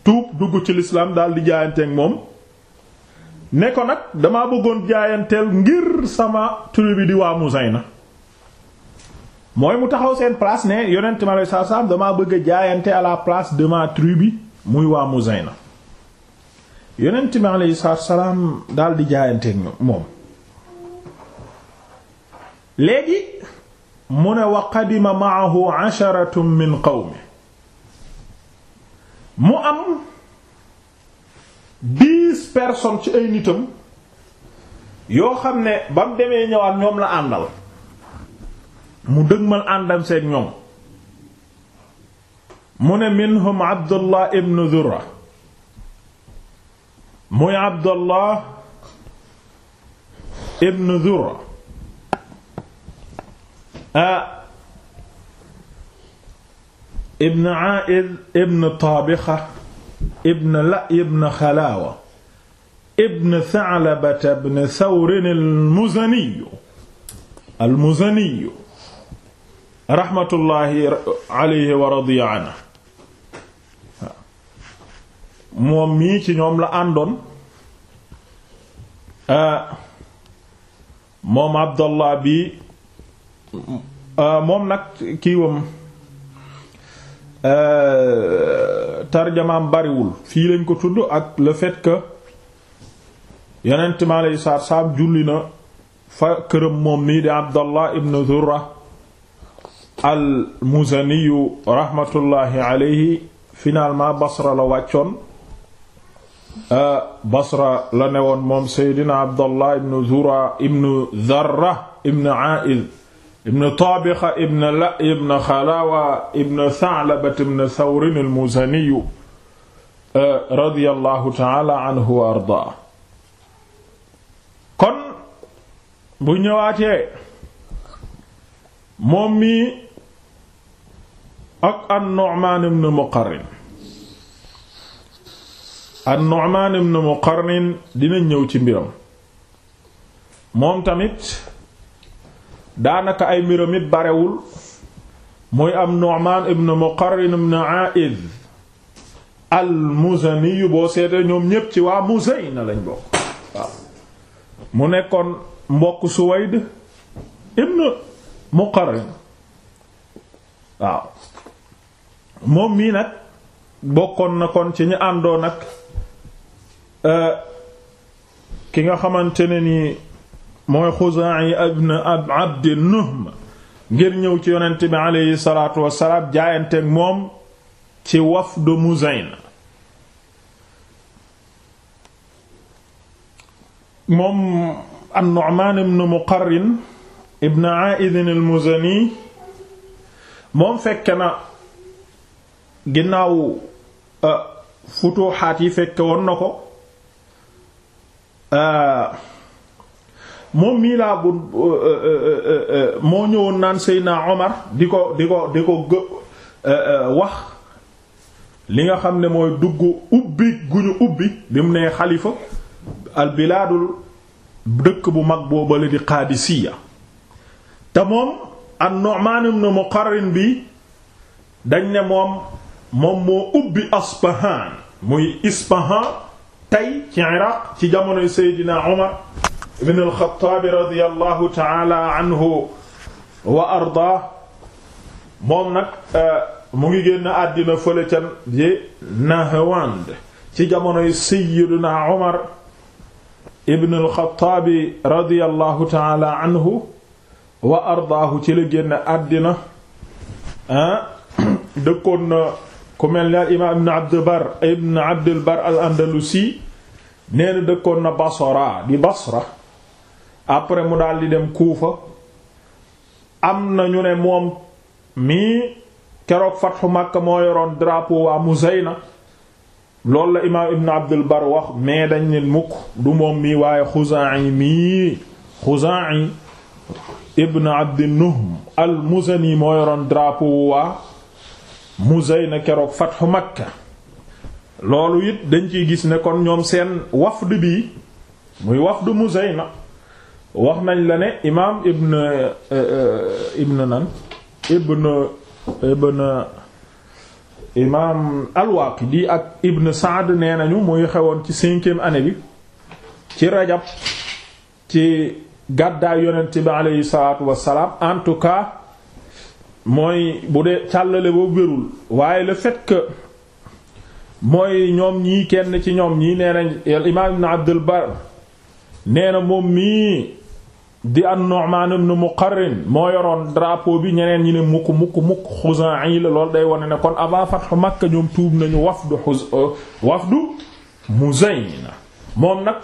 tuub dugg ci lislaam daal di jaayanteeg moom ne ko nag dama bëggoon jaayanteel ngir sama tribu bi di waa Muzayna mooy mu taxaw seen place ne yonent bi aleyhi salaatu wasalaam damaa bëgg jaayante à la place de ma tribu bi muy yonent bi aleyhi salaatu wasalaam di jaayanteeg moom mu ne wa qadima maahu asharatun mu am dix personnes ci ay nitam yoo xam ne ba mu demee ñëwaat ñoom la àndal mu dëgmal àndam seet ñoom mu ne minhum abdullah ibn dhurra muy abdullah ibn dhurra Ah. ibn aid ibn taabixa ibn la ibn xalaawa ibn thalabata ibn thawrin almuzaniyu almuzaniyu raxmatullaahi alayhi wa radiya anhu moom mii ci ñoom la àndoon ah. moom abdallah bi Euh, moom nag kiiwam euh, tarjamaam bariwul fii ko tudd ak le fait que yonent mi alayhi salaatu salaam fa këram moom nii di Abdallah ibn Zurra al muzaniyu rahmatullahi alayhi finalement Basra la wàccoon euh, Basra la newoon moom Seydina Abdallah ibn Zurra ibn Zarra ibn A'iz ibn Taabixa ibn La ibn Xalaawa ibn Sa'laba ibn Sawrin al-Muzani uh, radiyallahu ta'ala anhu wa ardaa kon bu ñëwaatee moom mi ak an-Nu'maan ibn Muqarrin an-Nu'maan ibn Muqarrin dina ñëw ci mbiram moom tamit daanaka ay mbiram it barewul muy am Nu'man ibn Muqarrin ibn A'id al-Muzani boo seetee ñoom ñépp ci waa Muzayna lañ bokk waaw mu nekkoon mbokk Suwayd ibn Muqarrin waaw moom mii nag bokkoon na kon ci ñu àndoo nag euh, ki nga xamante ne nii mooy Xuzaa'i ibn Abdi Nuhm ngir ñëw ci yonent bi aleyhi salaatu wassalaam jaayanteeg moom ci wafdu Muzayn moom an ibn Muqarrin ibn Aa'id al moom fekk na ginnaaw uh, futuuxaat yi fekk woon na ko uh, moom mii laa bu euh, euh, euh, moo ñëwoon naan Seydina Omar di ko di ko di ko gë wax li nga xam ne mooy dugg ubbi gu ñu ubbi bi mu nee xalifa al bilaadul dëkk bu mag boobale di Qaadisiya te moom an-Nu'man ibn Muqarrin bi dañ ne moom moom moo ubbi Asbahan muy Isbahan tey ci Iraq ci jamonoy Seydina Omar ibn al-Xattaab radiyallahu ta'ala anhu wa ardaa moom nag euh, mu ngi génn àddina fële ca ji Nahawand ci jamonoy Sayyidina Umar ibn al-Xattaab radiyallahu ta'ala anhu wa ardaahu ci la génn àddina dëkkoon na ku mel ni al imaam ibn Abd al-Barr ibn Abd al-Barr al-Andalusi nee na dëkkoon na Basra di Basra après mu daal di dem Kuufa am na ñu ne moom mii keroog fatxu Makka moo yoroon mu waa na loolu la imaam Ibn Abdul Bar wax mais dañ ne mukk du moom mii waaye Xuzaa'i mii Xuzaa'i Ibn Abdi Nuhm al-Muzani moo yoroon drapeau waa na keroog fatxu Makka loolu it dañ ciy gis ne kon ñoom seen wafd bi muy wafdu na wax nañ la ne imaam ibn euh, euh, ibn nan ibn ibn imaam al-Waaqidi ak ibn Saad nee nañu muy xewoon ci cinquième année bi ci rajab ci gàddaay yonent bi aleyhi salaatu wassalaam en tout cas mooy bu dee càllale boobu wérul waaye la fait mooy ñoom ñii kenn ci ñoom ñi nee nañ imaam ibn Abdul Bar nee na moom mii di an Nu'man ibn Muqarrin moo yoroon drapeau bi ñeneen ñi mukk mukk mukk Xuzaa'i la loolu day wane ne kon avant fathu Makka ñoom tuub nañu wafdu xuz euh, wafdu Muzayna moom nag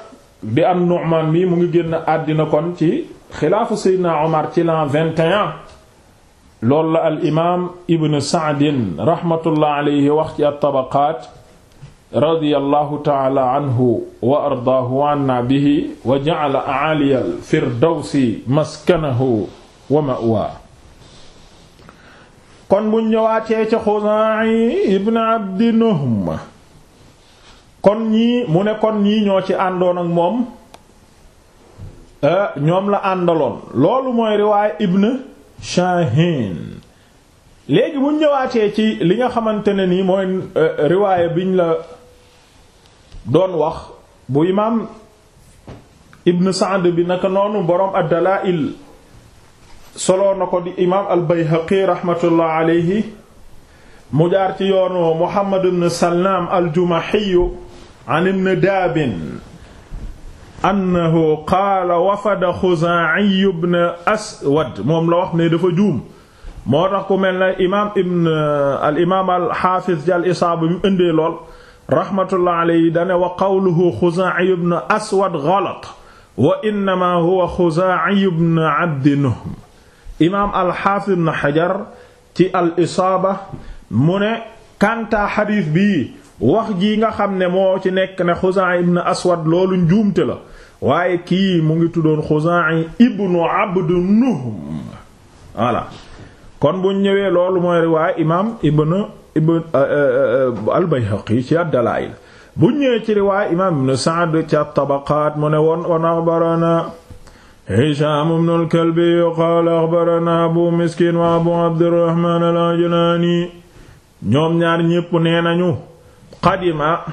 di an Nu'man mi mu ngi génn àddina kon ci xilaafu Seydina Omar ci l'an 21 loolu la al imaam Ibn Sa'd rahmatullah alayhi wax ci tabaqaat radiyallahu taala anhu wa ardaahu wa anna bihi wa maskanahu wa ma'wa kon mu ne kon ñi ñoo ci àndoon ak moom eh, ñoom la àndaloon loolu mooy riwaaya ibn Shaahin léegi bu ñëwaatee ci li nga xamante ne ni mooy eh, riwaaya biñ la don wax bu imaam Ibn Sa'd bi naka noonu boroom ad-Dalaa'il soloo na ko di imaam al-Bayhaqi rahmatullah mu jaar ci yoonu Muhammad ibn Salaam al-Jumahi an ibn Daabin annahu qaala wafada Xuzaa'i ibn Aswad moom la wax ne dafa juum moo tax ku mel ne imaam ibn al imaam al-Haafiz ci al-Isaaba bi lool rahmatullah alayhi dane wa qawluhu Xuzaa'i ibn Aswad galat wa innama huwa Xuzaa'i ibn Abdi Nuhm imaam al-Haafid ibn ci al-Isaaba mu ne kantaa xadiis bii wax jii nga xam ne moo ci nekk ne Xuzaa'i ibn Aswad loolu njuumte la waaye kii mu ngi tuddoon Xuzaa'i ibn Abdi Nuhm kon bu ñëwee loolu mooy riwaaya imaam ibn ibn euh, euh, euh, al-Bayhaqi ci ad-Dalaa'il bu ñëwee ci riwaay imaam ibn Sa'd ci at-Tabaqaat mu ne woon woon axbarana Hishaam ibn al-Kalbi qaala axbarana Abu Miskiin wa Abu Abdurrahmaan al-Ajlaani ñoom ñaar ñépp nee nañu qadima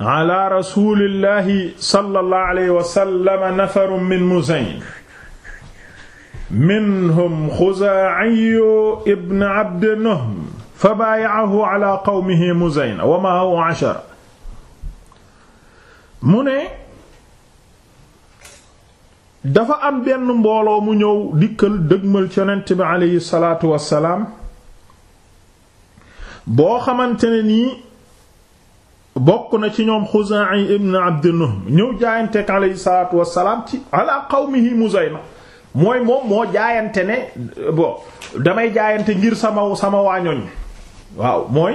ala rasuulillahi sallallahu alayhi wa sallam nafarun min Muzayn minhum Xuzaa'i ibn Abd Nuhm fa baayaahu ala qawmihi Muzayna wa mu ne dafa am benn mbooloo mu ñëw dikkal dëgmal ci yonent bi aleyhi salaatu wassalaam boo xamante ne nii bokk na ci ñoom Xuzaa'i ibn Abd Nuhm ñëw jaayanteek aleyhi salaatu wassalaam ci ala qawmihi Muzayna mooy moom moo jaayante ne bon damay jaayante ngir sama sama waañoñ waaw mooy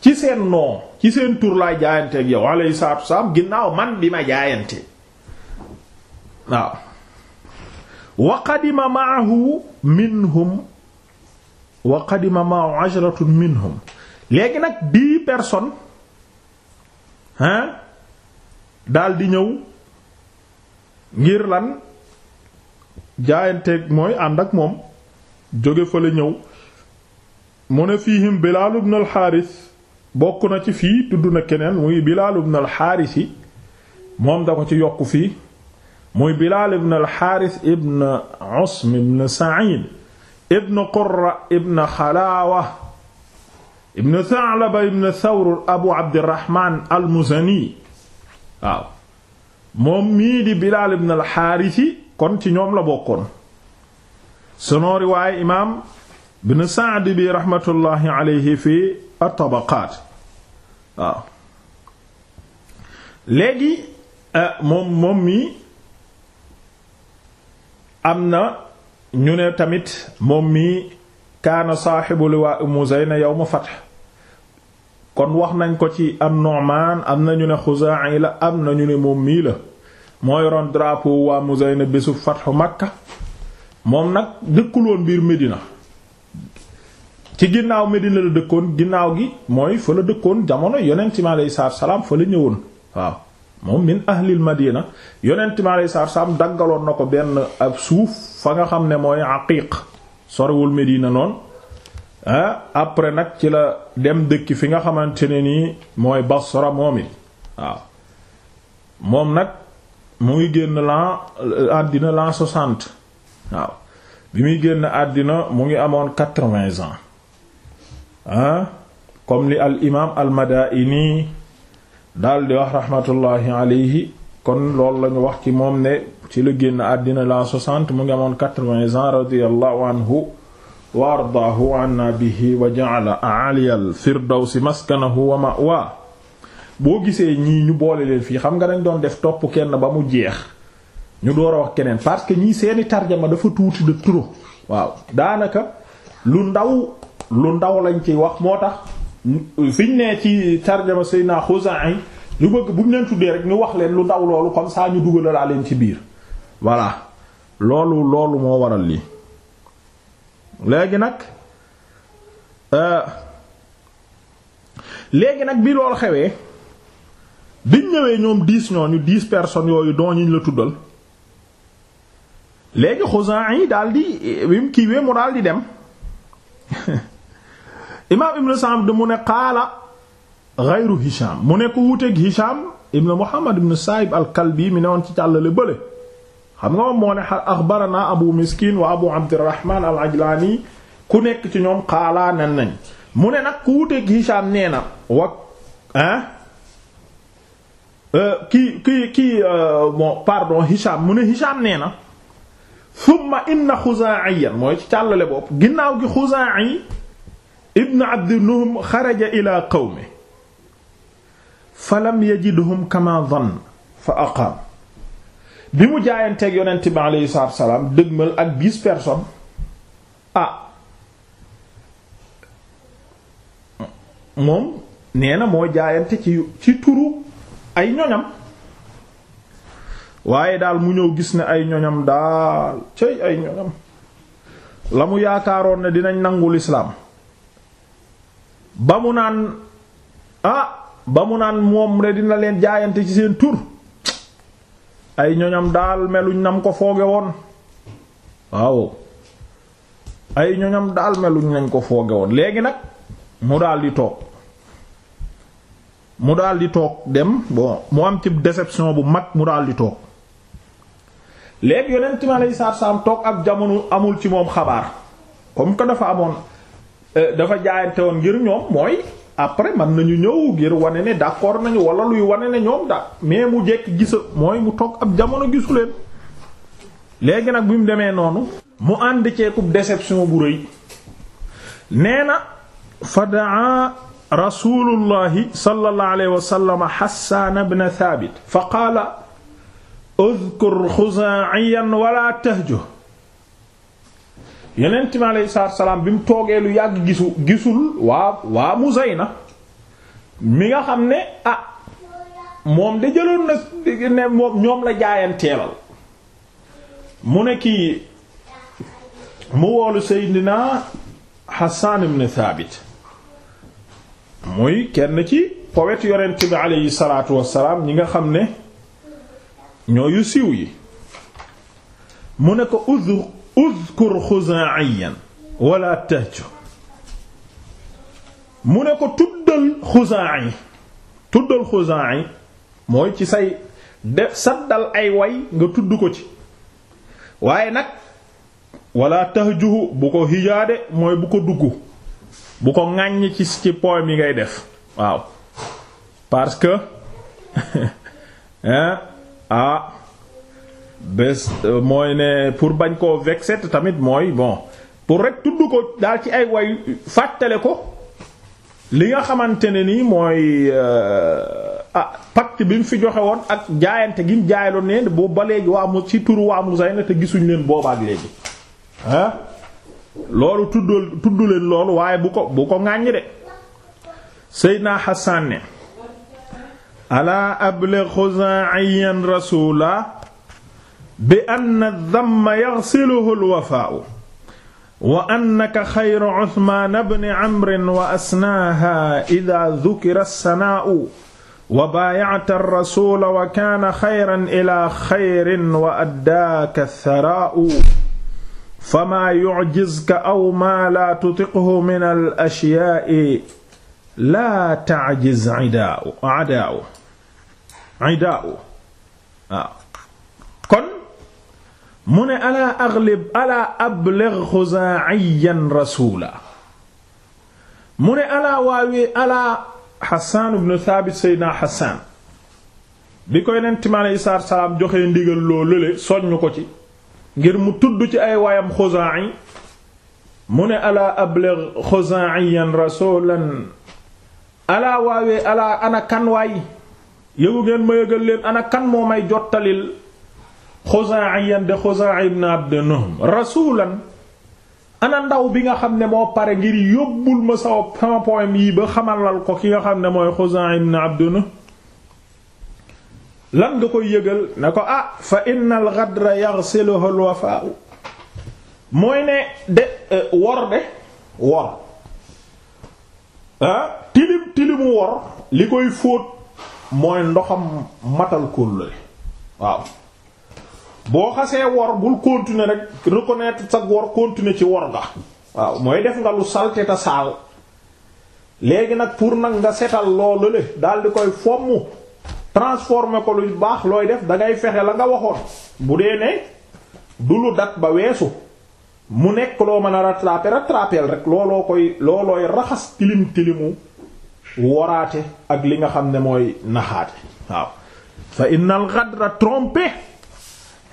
ci seen nom ci seen tur laay jaayanteeg yow alayhi salaatu wasalaam ginnaaw man bi ma jaayante waaw wa minhum wa qadima minhum léegi nag dix personnes hein daal ñëw ngir lan jaayanteeg mooy ànd ak moom jóge fa la ñëw mu ne fiihim Bilaal ibn al-Haaris bokk na ci fii tudd na keneen muy Bilaal ibn al-Haaris yi moom da ko ci yokk fii muy Bilaal ibn al-Haaris ibn Usm ibn Sa'iid ibn Qurra ibn Xalaawa ibn Sa'laba ibn Thawr Abu Abdirrahmaan al-Muzani waaw moom mii di Bilaal ibn al-Haaris kon ci ñoom la bokkoon sonoori waaye imaam ibn Sa'd bi raxmatullaahi alayhi fi at-Tabaqaat waaw léegi eh, moom moom mi am na ñu ne tamit moom mi kaana saaxibu liwaa yow mu fath kon wax nañ ko ci am Nu'maan am na ñu ne Xuzaa'i la am na ñu ne moom mii la moo yoroon drapeau waa Muzayna bésu fathu Makka moom nag dëkkuloon biir Medina ci ginnaaw Medina la dëkkoon ginnaaw gi mooy fa la dëkkoon jamono yonent mi alayhi salaam fa la ñëwoon waaw moom min ahlil madina yonent mi alayhi salaatu salaam daggaloon na ko benn ak suuf fa nga xam ne mooy aqiiq sorewul Medina noonu ah après nag ci la dem dëkk fi nga xamante ne nii mooy Basra moom it waaw moom nag mu ngi génn l'an àddina l'an soixante waaw bi muy génn àddina mu ngi amoon quatre-vingts ans. ah comme li al imaam al madaini daal di wax rahmatullahi alayhi kon loolu lañu wax ci moom ne ci la génn àddina la 60 mu ngi amoon 80 ans radiyallahu anhu wa ardaahu anna bihi wa ja'ala a'aliyal firdawsi maskanahu wa ma'waa boo gisee ñi ñu boole leen fii xam nga dañ doon def topp kenn ba mu jeex ñu door a wax keneen parce que ñii seeni tarjama dafa tuuti de trop waaw daanaka lu ndaw lu ndaw lañ ci wax moo tax fiñ nee ci tarjama Seydina Xuzaa'i ñu bëgg buñ leen tuddee rek ñu wax leen lu ndaw loolu comme saa ñu dugal laa leen ci biir voilà loolu loolu moo waral lii léegi nag euh, léegi nag bi loolu xewee biñ ñëwee ñoom dix ñooñu dix personnes yooyu doo ñu la tuddal léegi Xuzaa'i daldi bi mu kiiwee mu daldi dem imaam ibn Sa'd mu ne qaala ghayru Hisham mu ne ku wuteeg Hisham ibn Muhammad ibn Sa'ib al-Kalbi mi ne woon ci càllale bële xam nga moom moo ne axbarana Abu Miskin wa Abu Abdurrahman al-Ajlani ku nekk ci ñoom xaalaa nan nañ mu ne nag ku wuteeg Hisham nee na wa ah kii kii mu ne Hisham nee na thumma inna Xuzaa'iyan mooy ci càllale bopp ginnaaw gi Xuzaa'i ibn abdi nuhm xaraja ila qawmi fa lam yajidhum kama dhann fa aqaam bi mu jaayanteeg yonent bi aleyhi salaatu dëgmal ak dix personnes ah moom nee na moo jaayante ci ci turu ay ñoñam waaye daal mu ñëw gis ne ay ñoñam daal cëy ay ñoñam la mu yaakaaroon ne dinañ nangu lislaam ba mu naan ah ba mu naan moom re dina leen jaayante ci seen tur ay ñoñam daal meluñ nam ko fooge woon waaw ay ñoñam daal meluñ nañ ko fooge woon léegi nag mu daal di toog mu daal di toog dem bon mu am ci déception bu mag mu daal di toog léegi yonent mi alayhi salaam toog ab jamono amul ci moom xabaar comme que dafa amoon Euh, dafa jaayante woon ngir ñoom mooy après man nañu ñëw ngir wane ne d'accord nañu wala luy wane ne ñoom da mais mu jekk gisa mooy mu toog ab jamono gisu leen léegi nag bi mu demee noonu mu ànd ceekub déception bu rëy nee na fa daa rasulullahi sallallahu alayhi wa sallam Hassaan ibn Thaabit fa qaala udhkur Khuzaa'iyan wala tahjuh yonent mi alayhi salaatu salaam bi mu toogee lu yàgg gisu gisul waa waa na mi nga xam ne ah moom de jëloon na ne moom ñoom la jaayanteelal mu ne kii mu woolu Seydina Hassan ibn Thabit muy kenn ci powet yonent bi alayhi salaatu wassalaam ñi nga xam ne ñoo yu siiw yi mu ne ko uzur uzkur xuzaa'iyan wala tahjur mu ne ko tuddal xuzaa'i tuddal xuzaa'i mooy ci say def saddal ay way nga tudd ko ci waaye nag wala tahjuhu bu ko hijaade mooy bu ko dugg bu ko ŋàññ ci ci poème yi ngay def waaw parce que hein ah bés euh, mooy ne pour bañ koo vexé tamit mooy bon pour rek tudd ko daal ci ay way fàttale ko li nga xamante ne nii mooy euh, ah bi mu fi joxe woon ak jaayante gi mu jaayaloon ne boobu ba léegi waa mu ci turu waa Muzayna te gisuñ leen boobaak léegi loolu tudd tudd leen loolu waaye bu ko bu ko ŋàññ de Seydina Hassan ne ala abla xuzaiyan rasula bi anna damma yaxsiluhu alwafaau wa annaka xayru Usmaan bni Amrin wa asnaaha idaa dukira sanaa'u wa baayacta rasuula wa kaana xayran ilaa xayrin wa addaaka tharaa'u famaa yucjizka aw maa laa tutiqhu min al-ashyaa'i laa tacjiz cidaa'u cidaa'u cidaa'u ah. waaw mu ne alaa aglib alaa abligh xuzaa'iyan rasuula mu ne alaa waawee alaa xasaan ibnu thaabit seydina xasaan bi koy nent mi aleyhi salaatu wa salaam joxe ndigal loo lële ko ci ngir mu tudd ci ay waayam xuzaa'i mu ne alaa abligh xuzaa'iyan rasuulan alaa waawee alaa ana kan waay yëgu ngeen ma yëgal leen ana kan moo may jottalil Xuzaa'iyan de Xuzaa'i ibn ana ndaw bi nga xam ne moo pare ngir yóbbul ma saw sama poème yi ba xamalal ko ki nga xam ne mooy Xuzaa'i ibn Abd Nuhm lan nga koy yëgal ne ko ah fa innal ghadra yaghsiluhu al wafaa mooy ne de euh, wor de wor ah, tilim tilimu wor li koy fóot mooy ndoxam matal kóllëre waaw boo xasee wor bul continuer rek reconnaître sa wor continuer ci wor nga waaw mooy def nga lu salte ta saal léegi nag pour nag nga setal loolu le daal di koy fomm transformer ko lu baax looy def dangay ngay fexe la nga waxoon bu dee ne du lu dat ba weesu mu nekk loo mën a rattraper rattraper rek looloo koy loolooy raxas tilim tilimu woraate ak li nga xam ne mooy naxaate waaw fa innal ghadra tromper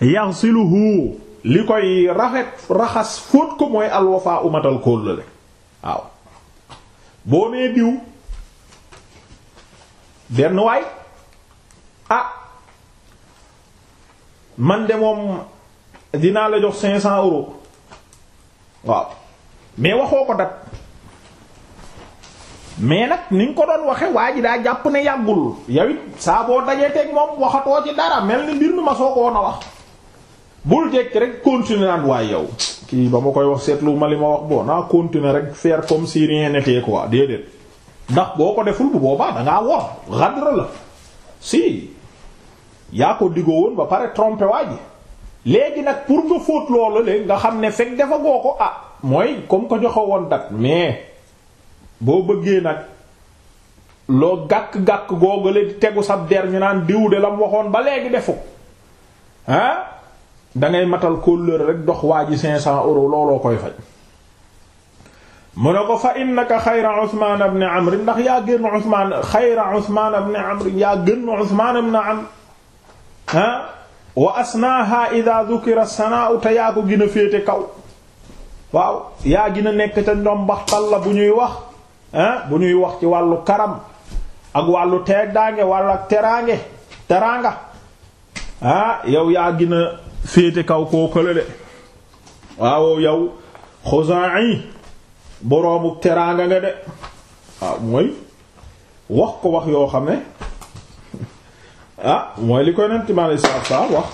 yaxsiluhu li koy rafet raxas fóot ko mooy alwafaa umatal kóllëre waaw boo nee diw benn waay ah man de moom dinaa la jox cinq cent euros waaw mais waxoo ko dat mais nag ni nga ko doon waxe waa ji daa jàpp ne yàggul yow it saa boo dajee teg moom waxatoo ci dara mel ni mbir mi ma soo ko woon a wax bul jekki rek continuer naan waaye yow kii ba ma koy wax seetlu ma li ma wax bon naa continuer rek faire comme sirien rien n'était quoi déedéet ndax boo ko deful bu boobaa dangaa wor xadra la si yaa ko diggoo woon ba pare trompé waa ji léegi nag pour nga fóot loolu léegi nga xam ne fekk dafa goo ko ah mooy comme ko joxe woon dat mais boo bëggee nag loo gàkk-gàkk googale di tegu sab der ñu naan diw de la mu waxoon ba léegi defu ah dangay matal kóllëre rek dox waa ji cinq looloo koy faj mu ko fa innaka xayra Usmaan ibn Amr ndax yaa gën Usmaan xayra Usmaan ibn Amr yaa gën Usmaan ibn Amr ah wa asnaaha idha dhukira as-sanaa te yaa ko gën a féete kaw waaw yaa gën nekk ca njombaxtal la bu ñuy wax bu ñuy wax ci wàllu karam ak wàllu teeddaange wàllu teraange teraanga ah yaa gën féete kaw kookale de waaw yow Xuzaa'i boroomu teraanga nga de waaw ah, mooy wax ko wax yoo xam ne ah mooy li koy nenti ma saab saab wax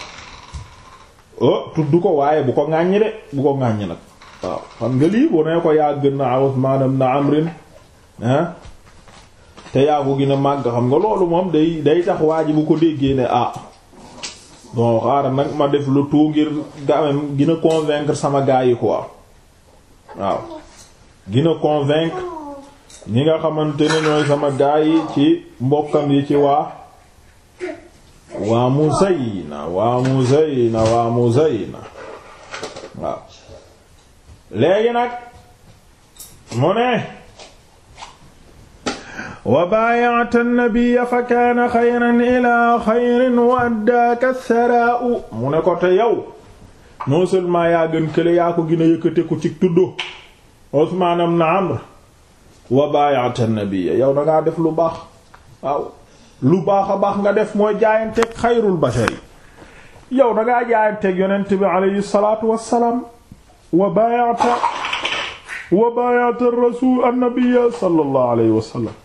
oh tudd ko waaye bu ko ŋàññi de bu ko ŋàññi nag waaw xam nga lii bu nee ko yàgg gën a Usmaan ibn Amrin ah, te yaa ko gën màgg xam nga loolu moom day day tax waa ji bu ko déggee ne ah bon xaaral nag ma def le tout ngir gamem gën a convaincre sama gaay yi quoi waaw gën a convaincre ñi nga xamante ne sama gaay ci mbokkam yi ci waa waa Muzayna waa Muzayna waa Muzayna waaw léegi nag mu ne wa baaya'ta an-nabiyya fa kaana xayran ilaa xayrin wa addaaka as-saraa'u mu ne ko te yow non seulement yaa gën kële yaa ko gën a yëkkateku ci tuddu Usmaan ibn Amr wa baaya'ta an-nabiyya yow da ngaa def lu baax waaw lu baax a baax nga def mooy jaayanteeg xayrul bashari yow da ngaa jaayanteeg yonent bi alayhi salaatu wassalaam wa baaya'ta wa baaya'ta ar-rasuul an-nabiyya sallallahu alayhi wa sallam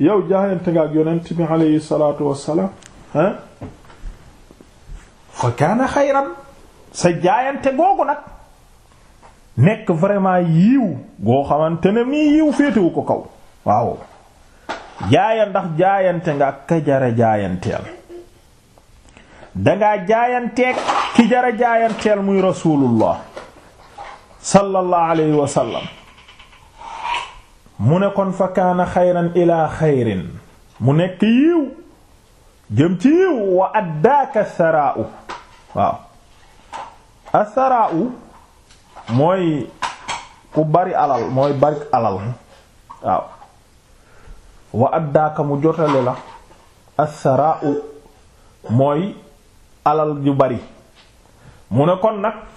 yow jaayante nga ak yonent bi alayhi salaatu wassalaam fa kaana xayran sa jaayante googu nag nekk vraiment yiw goo xamante ne nii yiiw féetewu ko kaw waaw jaaya ndax jaayante nga ak ka jara jaayanteel dangaa jaayanteeg ki jara jaayanteel muy rasulullah sallallahu alayhi wa mu ne kon fa kaana xayran ilaa xayrin mu nekk yiw jëm ci yiw wa addaaka sarau waaw asarau mooy ku bari alal mooy bari alal waaw wa addaaka mu jotale la asarau mooy alal ju bari mu ne kon nag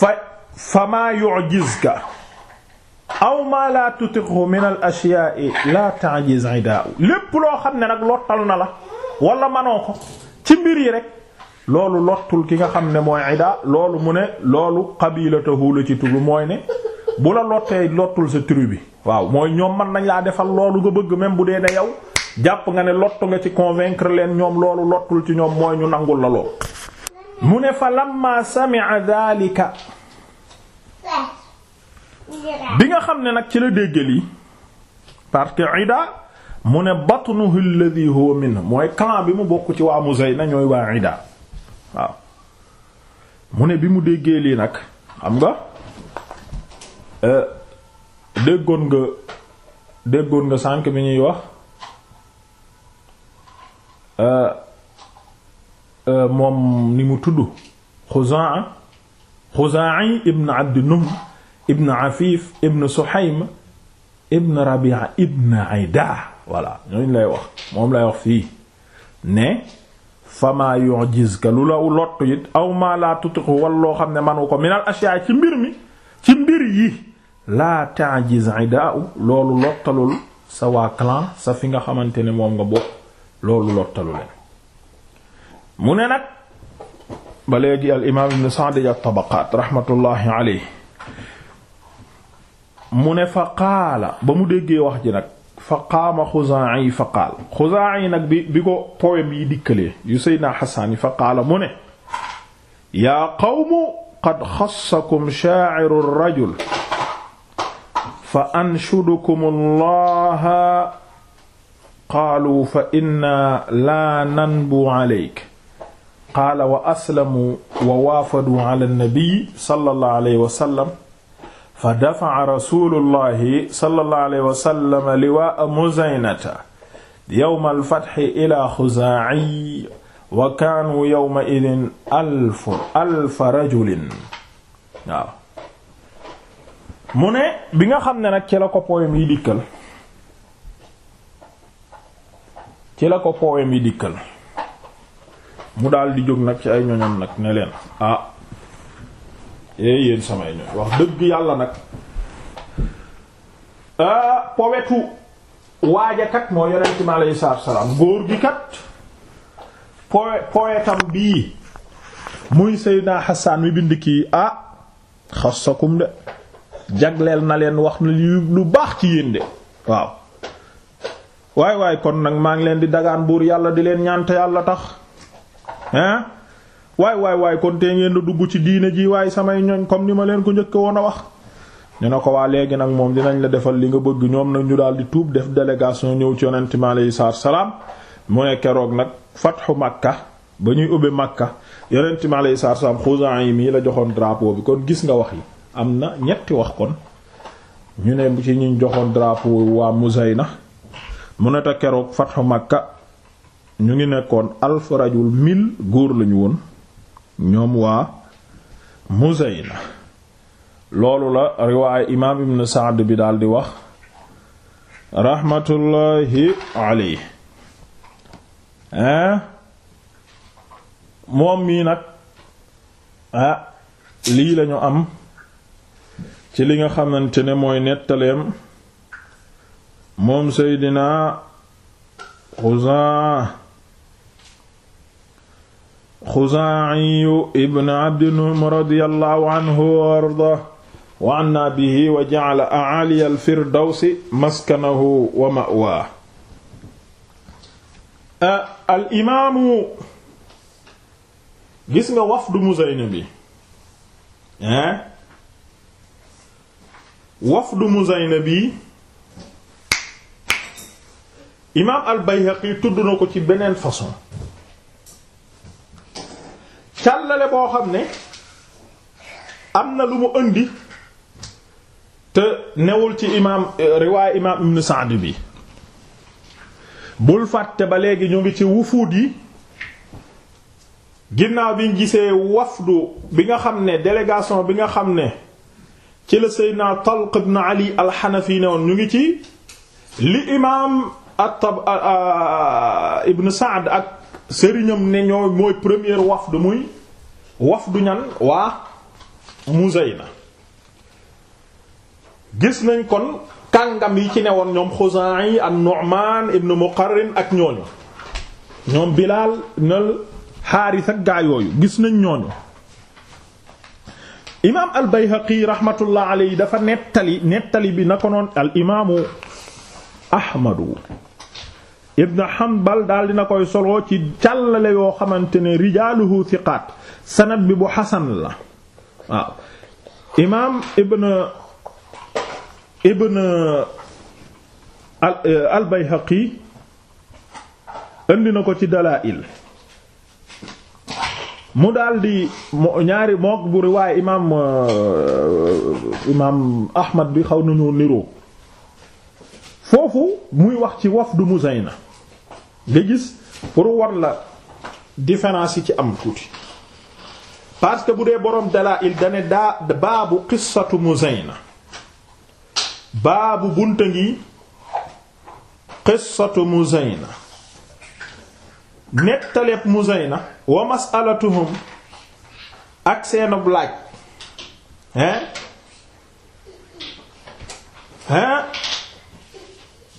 fa fa maa yu'jizka aw maa laa tutiqhu min al ashyaa'i laa ta'jiz 'idaa'u lépp loo xam ne nag lottal na la wala manoo ko ci mbir yi rek loolu lottul ki nga xam ne mooy idaa loolu mu ne loolu qabilatahu la ci tudd mooy ne bu la lottee lottul sa tribu bi waaw mooy ñoom man nañ laa defal loolu nga bëgg même bu dee ne yow jàpp nga ne lottu nga ci convaincre leen ñoom loolu lottul ci ñoom mooy ñu nangul la lool mu ne fa lamma sami'a dhalika bi nga xam ne nag ci la dégg lii parce que ida mu ne batnuhu alladhi huwa min mooy clan bi mu bokk ci waa Muzayna ñooy waa ida waaw mu ne bi mu déggee lii nag xam nga euh, déggoon nga déggoon nga sànk bi ñuy wax euh, Euh, moom ni mu tudd Xuzaa Xuzaa'i ibn Abd Nuhm ibn Afif ibn Suhaym ibn Rabi'a ibn Ayda voilà ñooñu lay wax moom lay wax fii ne fama yu'jizka lu la lott it aw ma la tutiqu wala loo xam ne manu ko minal ashyaa ci mbir mi ci mbir yi la ta'jiz idaa'u loolu lottalul sa waa clan sa fi nga xamante ne moom nga bokk loolu lottalu leen mu ne nag ba léegi al imaam ibn Sa'd at-Tabaqaat raxmatullaahi alayhi mu ne fa qaala ba mu déggee wax ji nag fa qaama Xuzaa'i fa qaala Xuzaa'i nag bi bi ko poème yi dikkalee yu Seydina Xasaan yi fa qaala mu ne yaa qawmu qad xassakum shaa'iru rajul fa anshudukum allaha qaalu fa inna laa nanbu alayk qaala wa aslamu wa waafadu ala nabi sallallahu alayhi wa sallam fa dafa'a rasuulullahi sallallahu alayhi wa sallam liwaa'a muzaynata yawma al-fathi ilaa xuzaa'i wa kaanu yawma idin alfu alfa rajulin waaw mu ne bi nga xam ne nag ci la ko poème yi dikkal ci la ko poème yi dikkal mu daal di jóg nag ci ay ñoñam nag ne leen ah eh yéen samay ñoñ wax dëgg yàlla nag ah powetu waaja kat moo yonent mi aleyhi salaatu wa góor gi kat powetam bii muy Seydina Hassan mi bind kii ah xasakum de jagleel na leen wax na lu baax ci yéen de waaw. waay waay kon nag maa ngi leen di dagaan buur yàlla di leen ñaante yàlla tax. ah waay waay waay kon tee ngeen da dugg ci diine ji waaye samay ñoñ comme ni ma leen ko njëkk woon a wax ñu ne ko waa léegi nag moom dinañ la defal li nga bëgg ñoom nag ñu daal di tuub def délégation ñëw ci yonent mi aleyhi salaatu salaam mu ne keroog nag fatxu makka ba ñuy ubbi makka yonent mi aleyhi salaatu salaam xuzaan yi mii la joxoon drapeau bi kon gis nga wax yi am na ñetti wax kon ñu ne ci ñu joxoon drapeau waa Muzayna mu ne te keroog fatxu makka ñu ngi nekkoon alf rajul mille góor lañu woon ñoom waa Muzayna loolu la riwaaya imaam ibn Saad bi daal wax raxmatullaahi alayhi hein moom mii nag ah lii lañu am ci li nga xamante ne mooy nettaleem moom Seydina Xuzaa xuzaaciyu ibn abdi nuhm radiyallahu anhu wa ardah wa anna bihi wa jacala acaaliya alfirdawsi maskanahu wa ma'waa al imaamu gis nga wafdu Muzayna bi hein wafdu Muzayna bi imaam al Bayhaqi tudd na ko ci beneen façon callale boo xam ne am na lu mu indi te newul ci imaam euh, riwaay imaam ibn Sa'd bi bul fàtte ba léegi ñu ngi ci wufuud yi ginnaaw bi ñu gisee wafdu bi nga xam ne délégation bi nga xam ne ci la Seydina Talq ibn Ali al ne woon ñu ngi ci li imaam at-Tab euh, ibn Sa'd ak sëriñam ne ñooy mooy première wafdu muy wafdu ñan waa Muzayna gis nañ kon kàngam yi ci ne woon ñoom Xuzaa'i yi an-Nu'man ibn Muqarrin ak ñooñu ñoom Bilaal nal Haaris ak gaa yooyu gis nañ ñooñu imaam al-Bayhaqi rahmatullah alayhi dafa nettali nettali bi na ko noon al imaamu Ahmadu ibn Hanbal daal na koy solo ci càllale yoo xamante ne rijaaluhu thiqaat sanad bi bu xasan la waaw imaam ibn ibn al Bayhaqi indi na ko ci dalaa'il mu daldi ñaari mook bu riwaay euh, imaam Ahmad bi xaw nañu niroo foofu muy wax ci wafdu Muzayna nga gis pour war la différence yi ci am tuuti parce que bu dee boroom dalaa'il dane daa baabu qissatu Muzayna baabu bunta ngi qissatu Muzayna nettaleeb Muzayna wa mas'alatuhum ak seenub laaj hein hein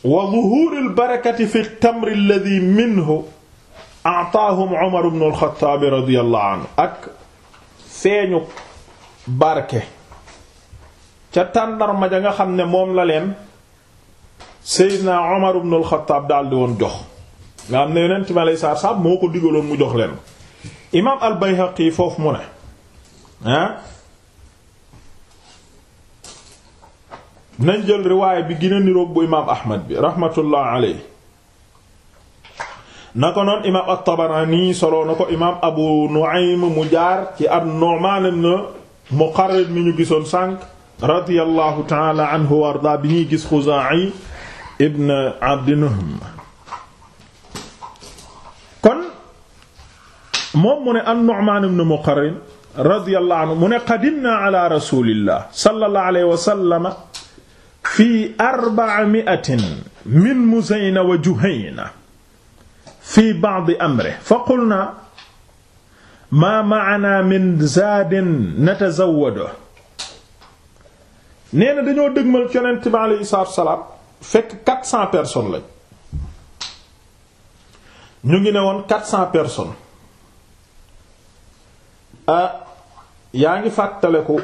wa zuhuuri albarakati fi tamri alladi minhu ataahum Umar ibn al-Khattab radiyallahu ak feeñu barke ca tàndarma ja nga xam ne moom la leen Seydina Umar ibn al-Khattab daldi woon jox nga xam ne yonent mi alayhi salaatu moo ko digaloon mu jox leen imaam al-Bayhaqi foofu mu ne ah nañ jël riwaay bi gën a niroog bu imaam ahmad bi rahmatullah aley na ko noon imaam at-Tabarani soloo na ko imaam Abu Nu'aym mu jaar ci ab Nu'man ibn Muqarrid mi ñu gisoon sànq radiyallahu ta'ala anhu wa arda bi ñuy gis Xuzaa'i ibn Abd Nuhm kon moom mu ne an-Nu'man ibn Muqarrid radiyallahu anhu mu ne qadimna ala rasulillah sallallahu alayhi wa sallam fii arba'ami'atin min Muzayna wa Juhayna fii ba'di amrihi faqulnaa maa ma'anaa min zaadin natazawwaduhu nee na dañoo dëgmal ci Yonent bi alayhi salaatu wa salaam fekk quatre cents personnes lañ ñu ngi ne woon quatre cents ah, yaa ngi fàttaliku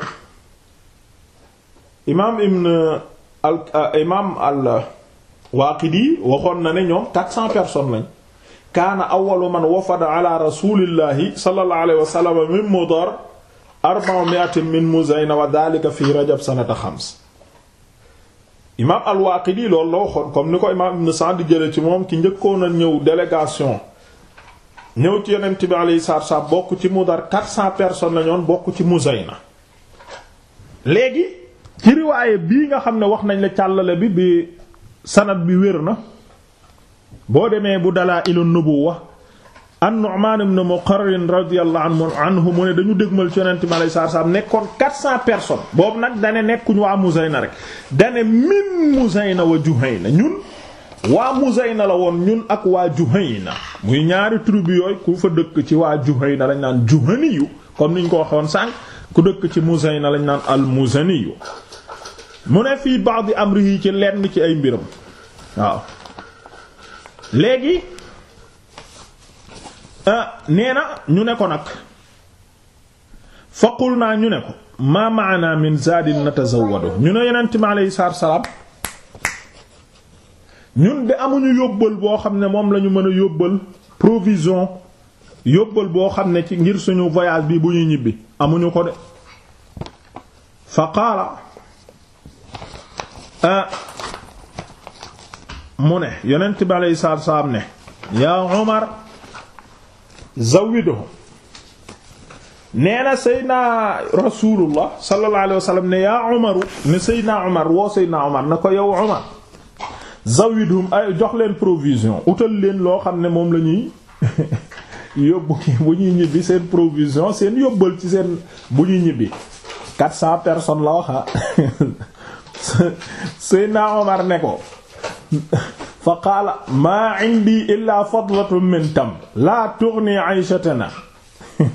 imaam Ibn. al euh, imaam al waaqidi waxoon na ne ñoom 400 personnes lañ kaana awwalu man wafada ala rasulillahi sallallahu alayhi wa sallam min Mudar arba'a mi'atin min Muzayna wa dhalika fi rajab sanata xams imaam al waaqidi loolu la waxoon comme ni ko imaam ibn Sa'd jële ci moom ci njëkkoon a ñëw délégation ñëw ci yonent bi alayhi salaatu salaam bokk ci Mudar 400 personnes la ñoon bokk ci Muzayna léegi ci riwaaye bii nga xam ne wax nañ la càllale bi bi sanad bi wér na boo demee bu dalaa ilu nubuwa an-Nu'man ibn Muqarrin radiyallahu anhu mu ne dañu dégmal ci yonent mi alayhi salaam nekkoon 400 personnes boobu nag dane nekkuñ waa Muzayna rek dane min Muzayna wa Juhayna ñun waa Muzayna la woon ñun ak waa Juhayna muy ñaari tribu yooyu ku fa dëkk ci waa Juhayna lañ naan Juhaniyu comme niñ ko waxoon sànq ku dëkk ci Muzayna lañ naan al-Muzaniyu mu ne fii ba'd amrihi ci lenn ci ay mbiram waaw léegi ah, nee na ñu ne ko nag faqul naa ñu ne ko ma maana min zaadin natazawwadu ñu ne yonent mi alayhi salaam ñun de amuñu yóbbal boo xam ne moom lañu mën a yóbbal provision yóbbal boo xam ne ci ngir suñu voyage bi bu ñu ñibbi amuñu ko de fa qaala Ah. mu ne yonent bi aleyhi salaatu salaam ne yaa Umar zawwiduhu nee na seydna rasulullah sallallahu alayhi wa sallam ne yaa Umaru ne seydna Umar woo seydna Umar na ko yow Umar zawidhum ay jox leen provision utal leen loo xam ne moom la ñuy yóbbu bu ñuy ñibbi seen provision seen yóbbal ci seen bu ñuy ñibbi quatre cents personnes la waxa ah. Seydina Omar ne ko fa qaala maa indi illaa fadlatun min tam laa tughni ayshatana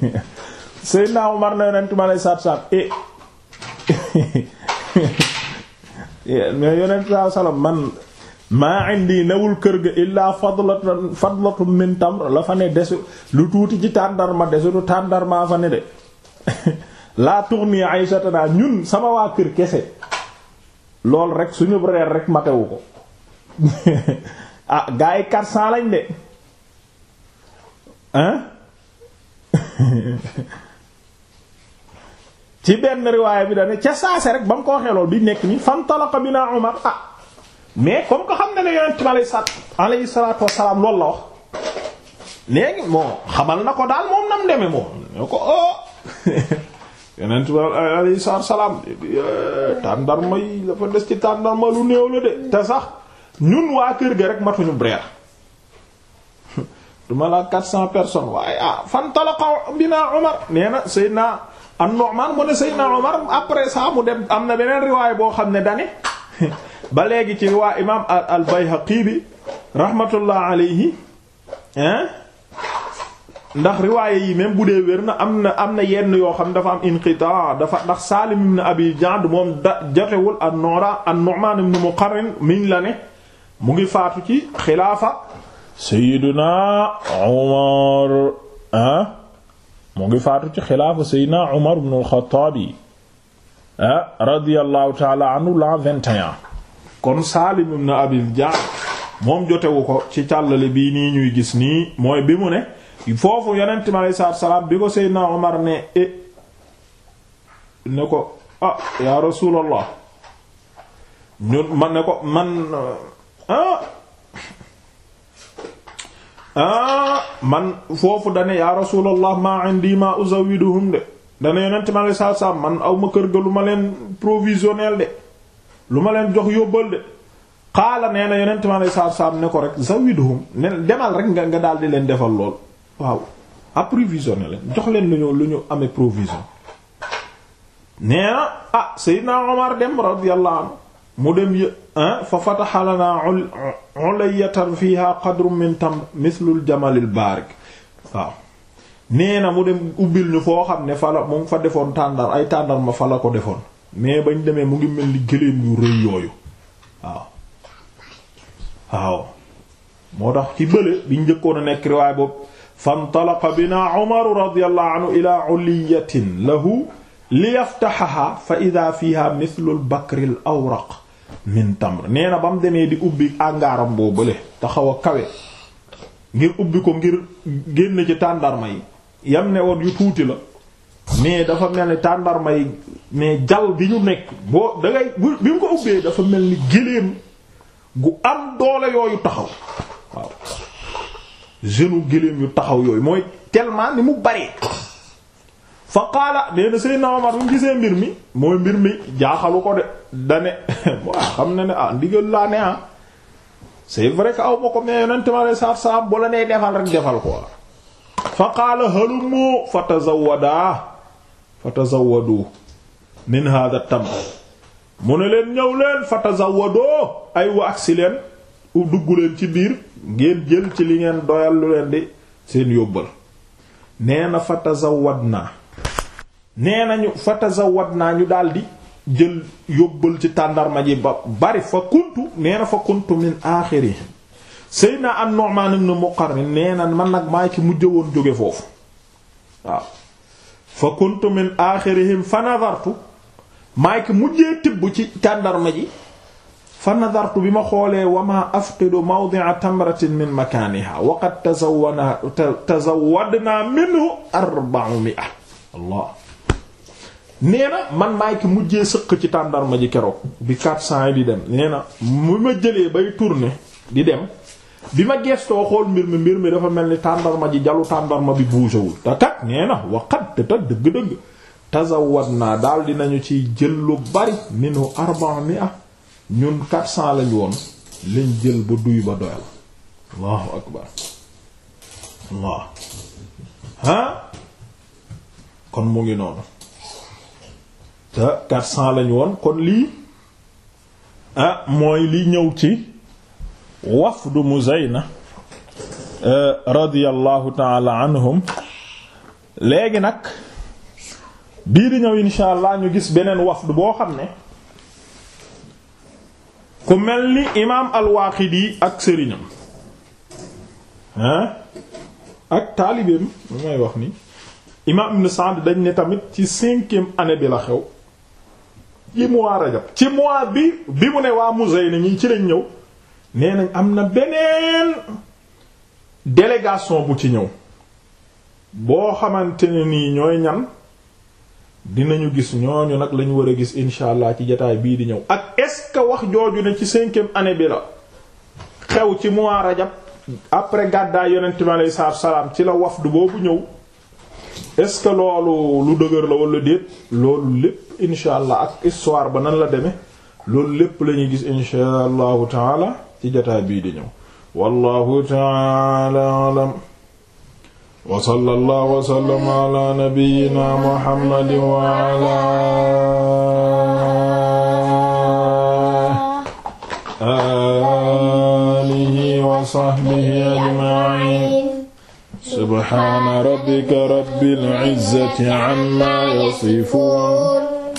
Seydina Omar ne yonent ma lay saab saab e mais yonent saa salaam man maa indi newul kër ga illaa fadlatun fadlatun min la fa ne desu lu tuuti ci tàndarma desutu tàndarmaa ñun sama waa kër kese loolu rek suñu reer rek matewu ko ah gaa yi quatre cents lañ de hein bi da ne ca saase ba mu ko waxee bi nekk ni fan bi naa Umar ah mais comme ko xam ne ne yonent bi alayhi salaatu wassalaam loolu la wax léegi moo xamal na ko daal moom nam deme moom ne ko oh yeneen alayhi salaam tàndarma yi dafa des ci lu néew la de te sax ñun waa kër gi rek matuñu breer duma la cent personnes waaye ah fan talaqa bina Umar nee na Seydina an-Nu'man mu ne Seydina Umar après ça mu dem am na beneen riwaay boo xam ne dane ba léegi ci riwaay imaam al-Bayhaqi bi rahmatullah alayhi ndax riwaaye yi même bu dee wér na am na am na yenn yoo xam dafa am inqitaa dafa ndax Saalim ibn Abi Ja'd moom da jotewul an-Nu'ra an-Nu'man ibn Muqarrin miñ la ne mu ngi faatu ci xilaafa Seydina Umar ah mu ngi faatu ci xilaafa Seydina Umar ibn ah, kon Saalim ibn Abi Ja'd moom jotewu ko ci càllale bii nii ñuy gis nii mooy bi mu ne foofu yonent mi aleyhi salaatu salaam bi ko Seydina Omar ne e ne ko ah yaa rasuulallah ñun man ne ko man ah ah man foofu dane yaa rasuulallah maa indi maa uzawiduhum de dane yonent mi aleyhi man aw ma kër ga lu ma leen provisionnel de lu ma leen jox yóbbal de xaala nee na yonent mi aleyhi ne ko rek zawiduhum ne demal rek nga nga daal di leen defal lool waaw approvisionné leen jox leen lu ñu amee provision nee na ah Seydina Omar dem radiyallahu anhu mu dem yë fa fataha lana ulayatan fiha qadru min tam mislul jamalil barik waaw nee na mu dem ubbil ñu foo xam ne fa la mu fa defoon tàndar ay tàndar ma fa la ko defoon mais bañ demee mu ngi mel ni gëléem yu rëy yooyu waaw waaw moo tax ci bële njëkkoon a nekk riwaay boobu fa fantalaqa bina umaru radiyallahu anhu ila uliyatin lahu liyaftahaha fa ida fiha mithlu lbakri l min tamr nee na ba mu demee di ubbi àngaaram boo bële taxaw a kawe ngir ubbi ko ngir génn ci tàndarma yi yam ne woon yu tuuti la mais dafa mel ni tàndarma yi mais jal bi ñu nekk boo da bi mu ko ubbee dafa mel ni géléem gu am doole yooyu taxaw genou géléem yu taxaw yooyu mooy tellement ni mu bari fa qaala nee na Seydina Omar bu mu mbir mi mooy mbir mi jaaxalu ko de dane waa xam na ne ah ndigal laa ne ah c'est vrai que aw ma ko mais yonent ma lay saaf saaf bu la nee defal rek defal ko fa qaala halumu fa tazawadaa fa tazawadu min hadha tam mu ne leen ñëw leen fa tazawadoo ay wa agsi leen dugg leen ci biir ngeen jël ci li ngeen doyal lu leen di seen yóbbal nee na fatazawad naa nee nañu fatazawad naa ñu daldi jël yóbbal ci tàndarma ji ba bari fa kuntu nee na fa kuntu min aaxiri Seydina an-Nu'man ibn Muqarrin nee na man nag maa ci mujj woon jóge foofu waaw fa kuntu min aaxirihim fa nadartu maa ki mujjee tibb ci tàndarma ji fa nadartu bi ma xoolee wama afqidu mawdi'a tamratin min makaaniha wa qad tazawwana tazawwadna minhu arba'u mi'a allah nee na man maay ki mujjee sëq ci tàndarma ji keroog bi 400 yi di dem nee na mu ma jëlee bay tourner di dem bi ma gestoo xool mbir mi mbir mi dafa mel ni tàndarma ji jalu tàndarma bi buusewul te kat nee na wa qad te kat dëgg-dëgg tazawwadna daal dinañu ci jël lu bari minhu arba'u mi'a ñun 400 lañ woon lañ jël ba duy ba doyal allahu akbar allah ha kon mu ngi noonu te 400 lañ woon kon lii ah mooy li ñëw ci mu wafdu na euh, radiyallahu taala anhum léegi nag bii di ñëw insha allah ñu gis beneen wafdu boo xam ne ku mel ni imaam al-Waaqidi ak sëriñam hein ak taalibeem lu may wax ni imaam Ibn Sa'd dañ ne tamit ci cinquième année bi la xew ci mois Rajab ci mois bi bi mu ne waa Muzayna ñi ci lañ ñëw nee am na beneen délégation bu ci ñëw boo xamante ne nii ñooy ñan dinañu gis ñooñu nag lañu war a gis incha allah ci jataay bii di ñëw ak est wax jooju ne ci cinquième année bi la xew ci mois rajab après gàddaay yonent bi aleyhi salaatu salaam ci la du boobu ñëw est-ce que loolu lu dëgër la wala déet loolu lépp incha ak histoire ba nan la demee loolu lépp la ñuy gis incha allahu taala ci jataay bii di ñëw wallahu taala wa sallallahu wa sallam ala nabiyyina muhammadin wa ala alihi wa sahbihi ajma'in subhana rabbika rabbil izzati amma yasifun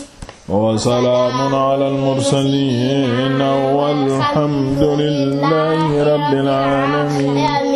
wa salaamun alal mursaliin walhamdu lillaahi rabbil aalamiin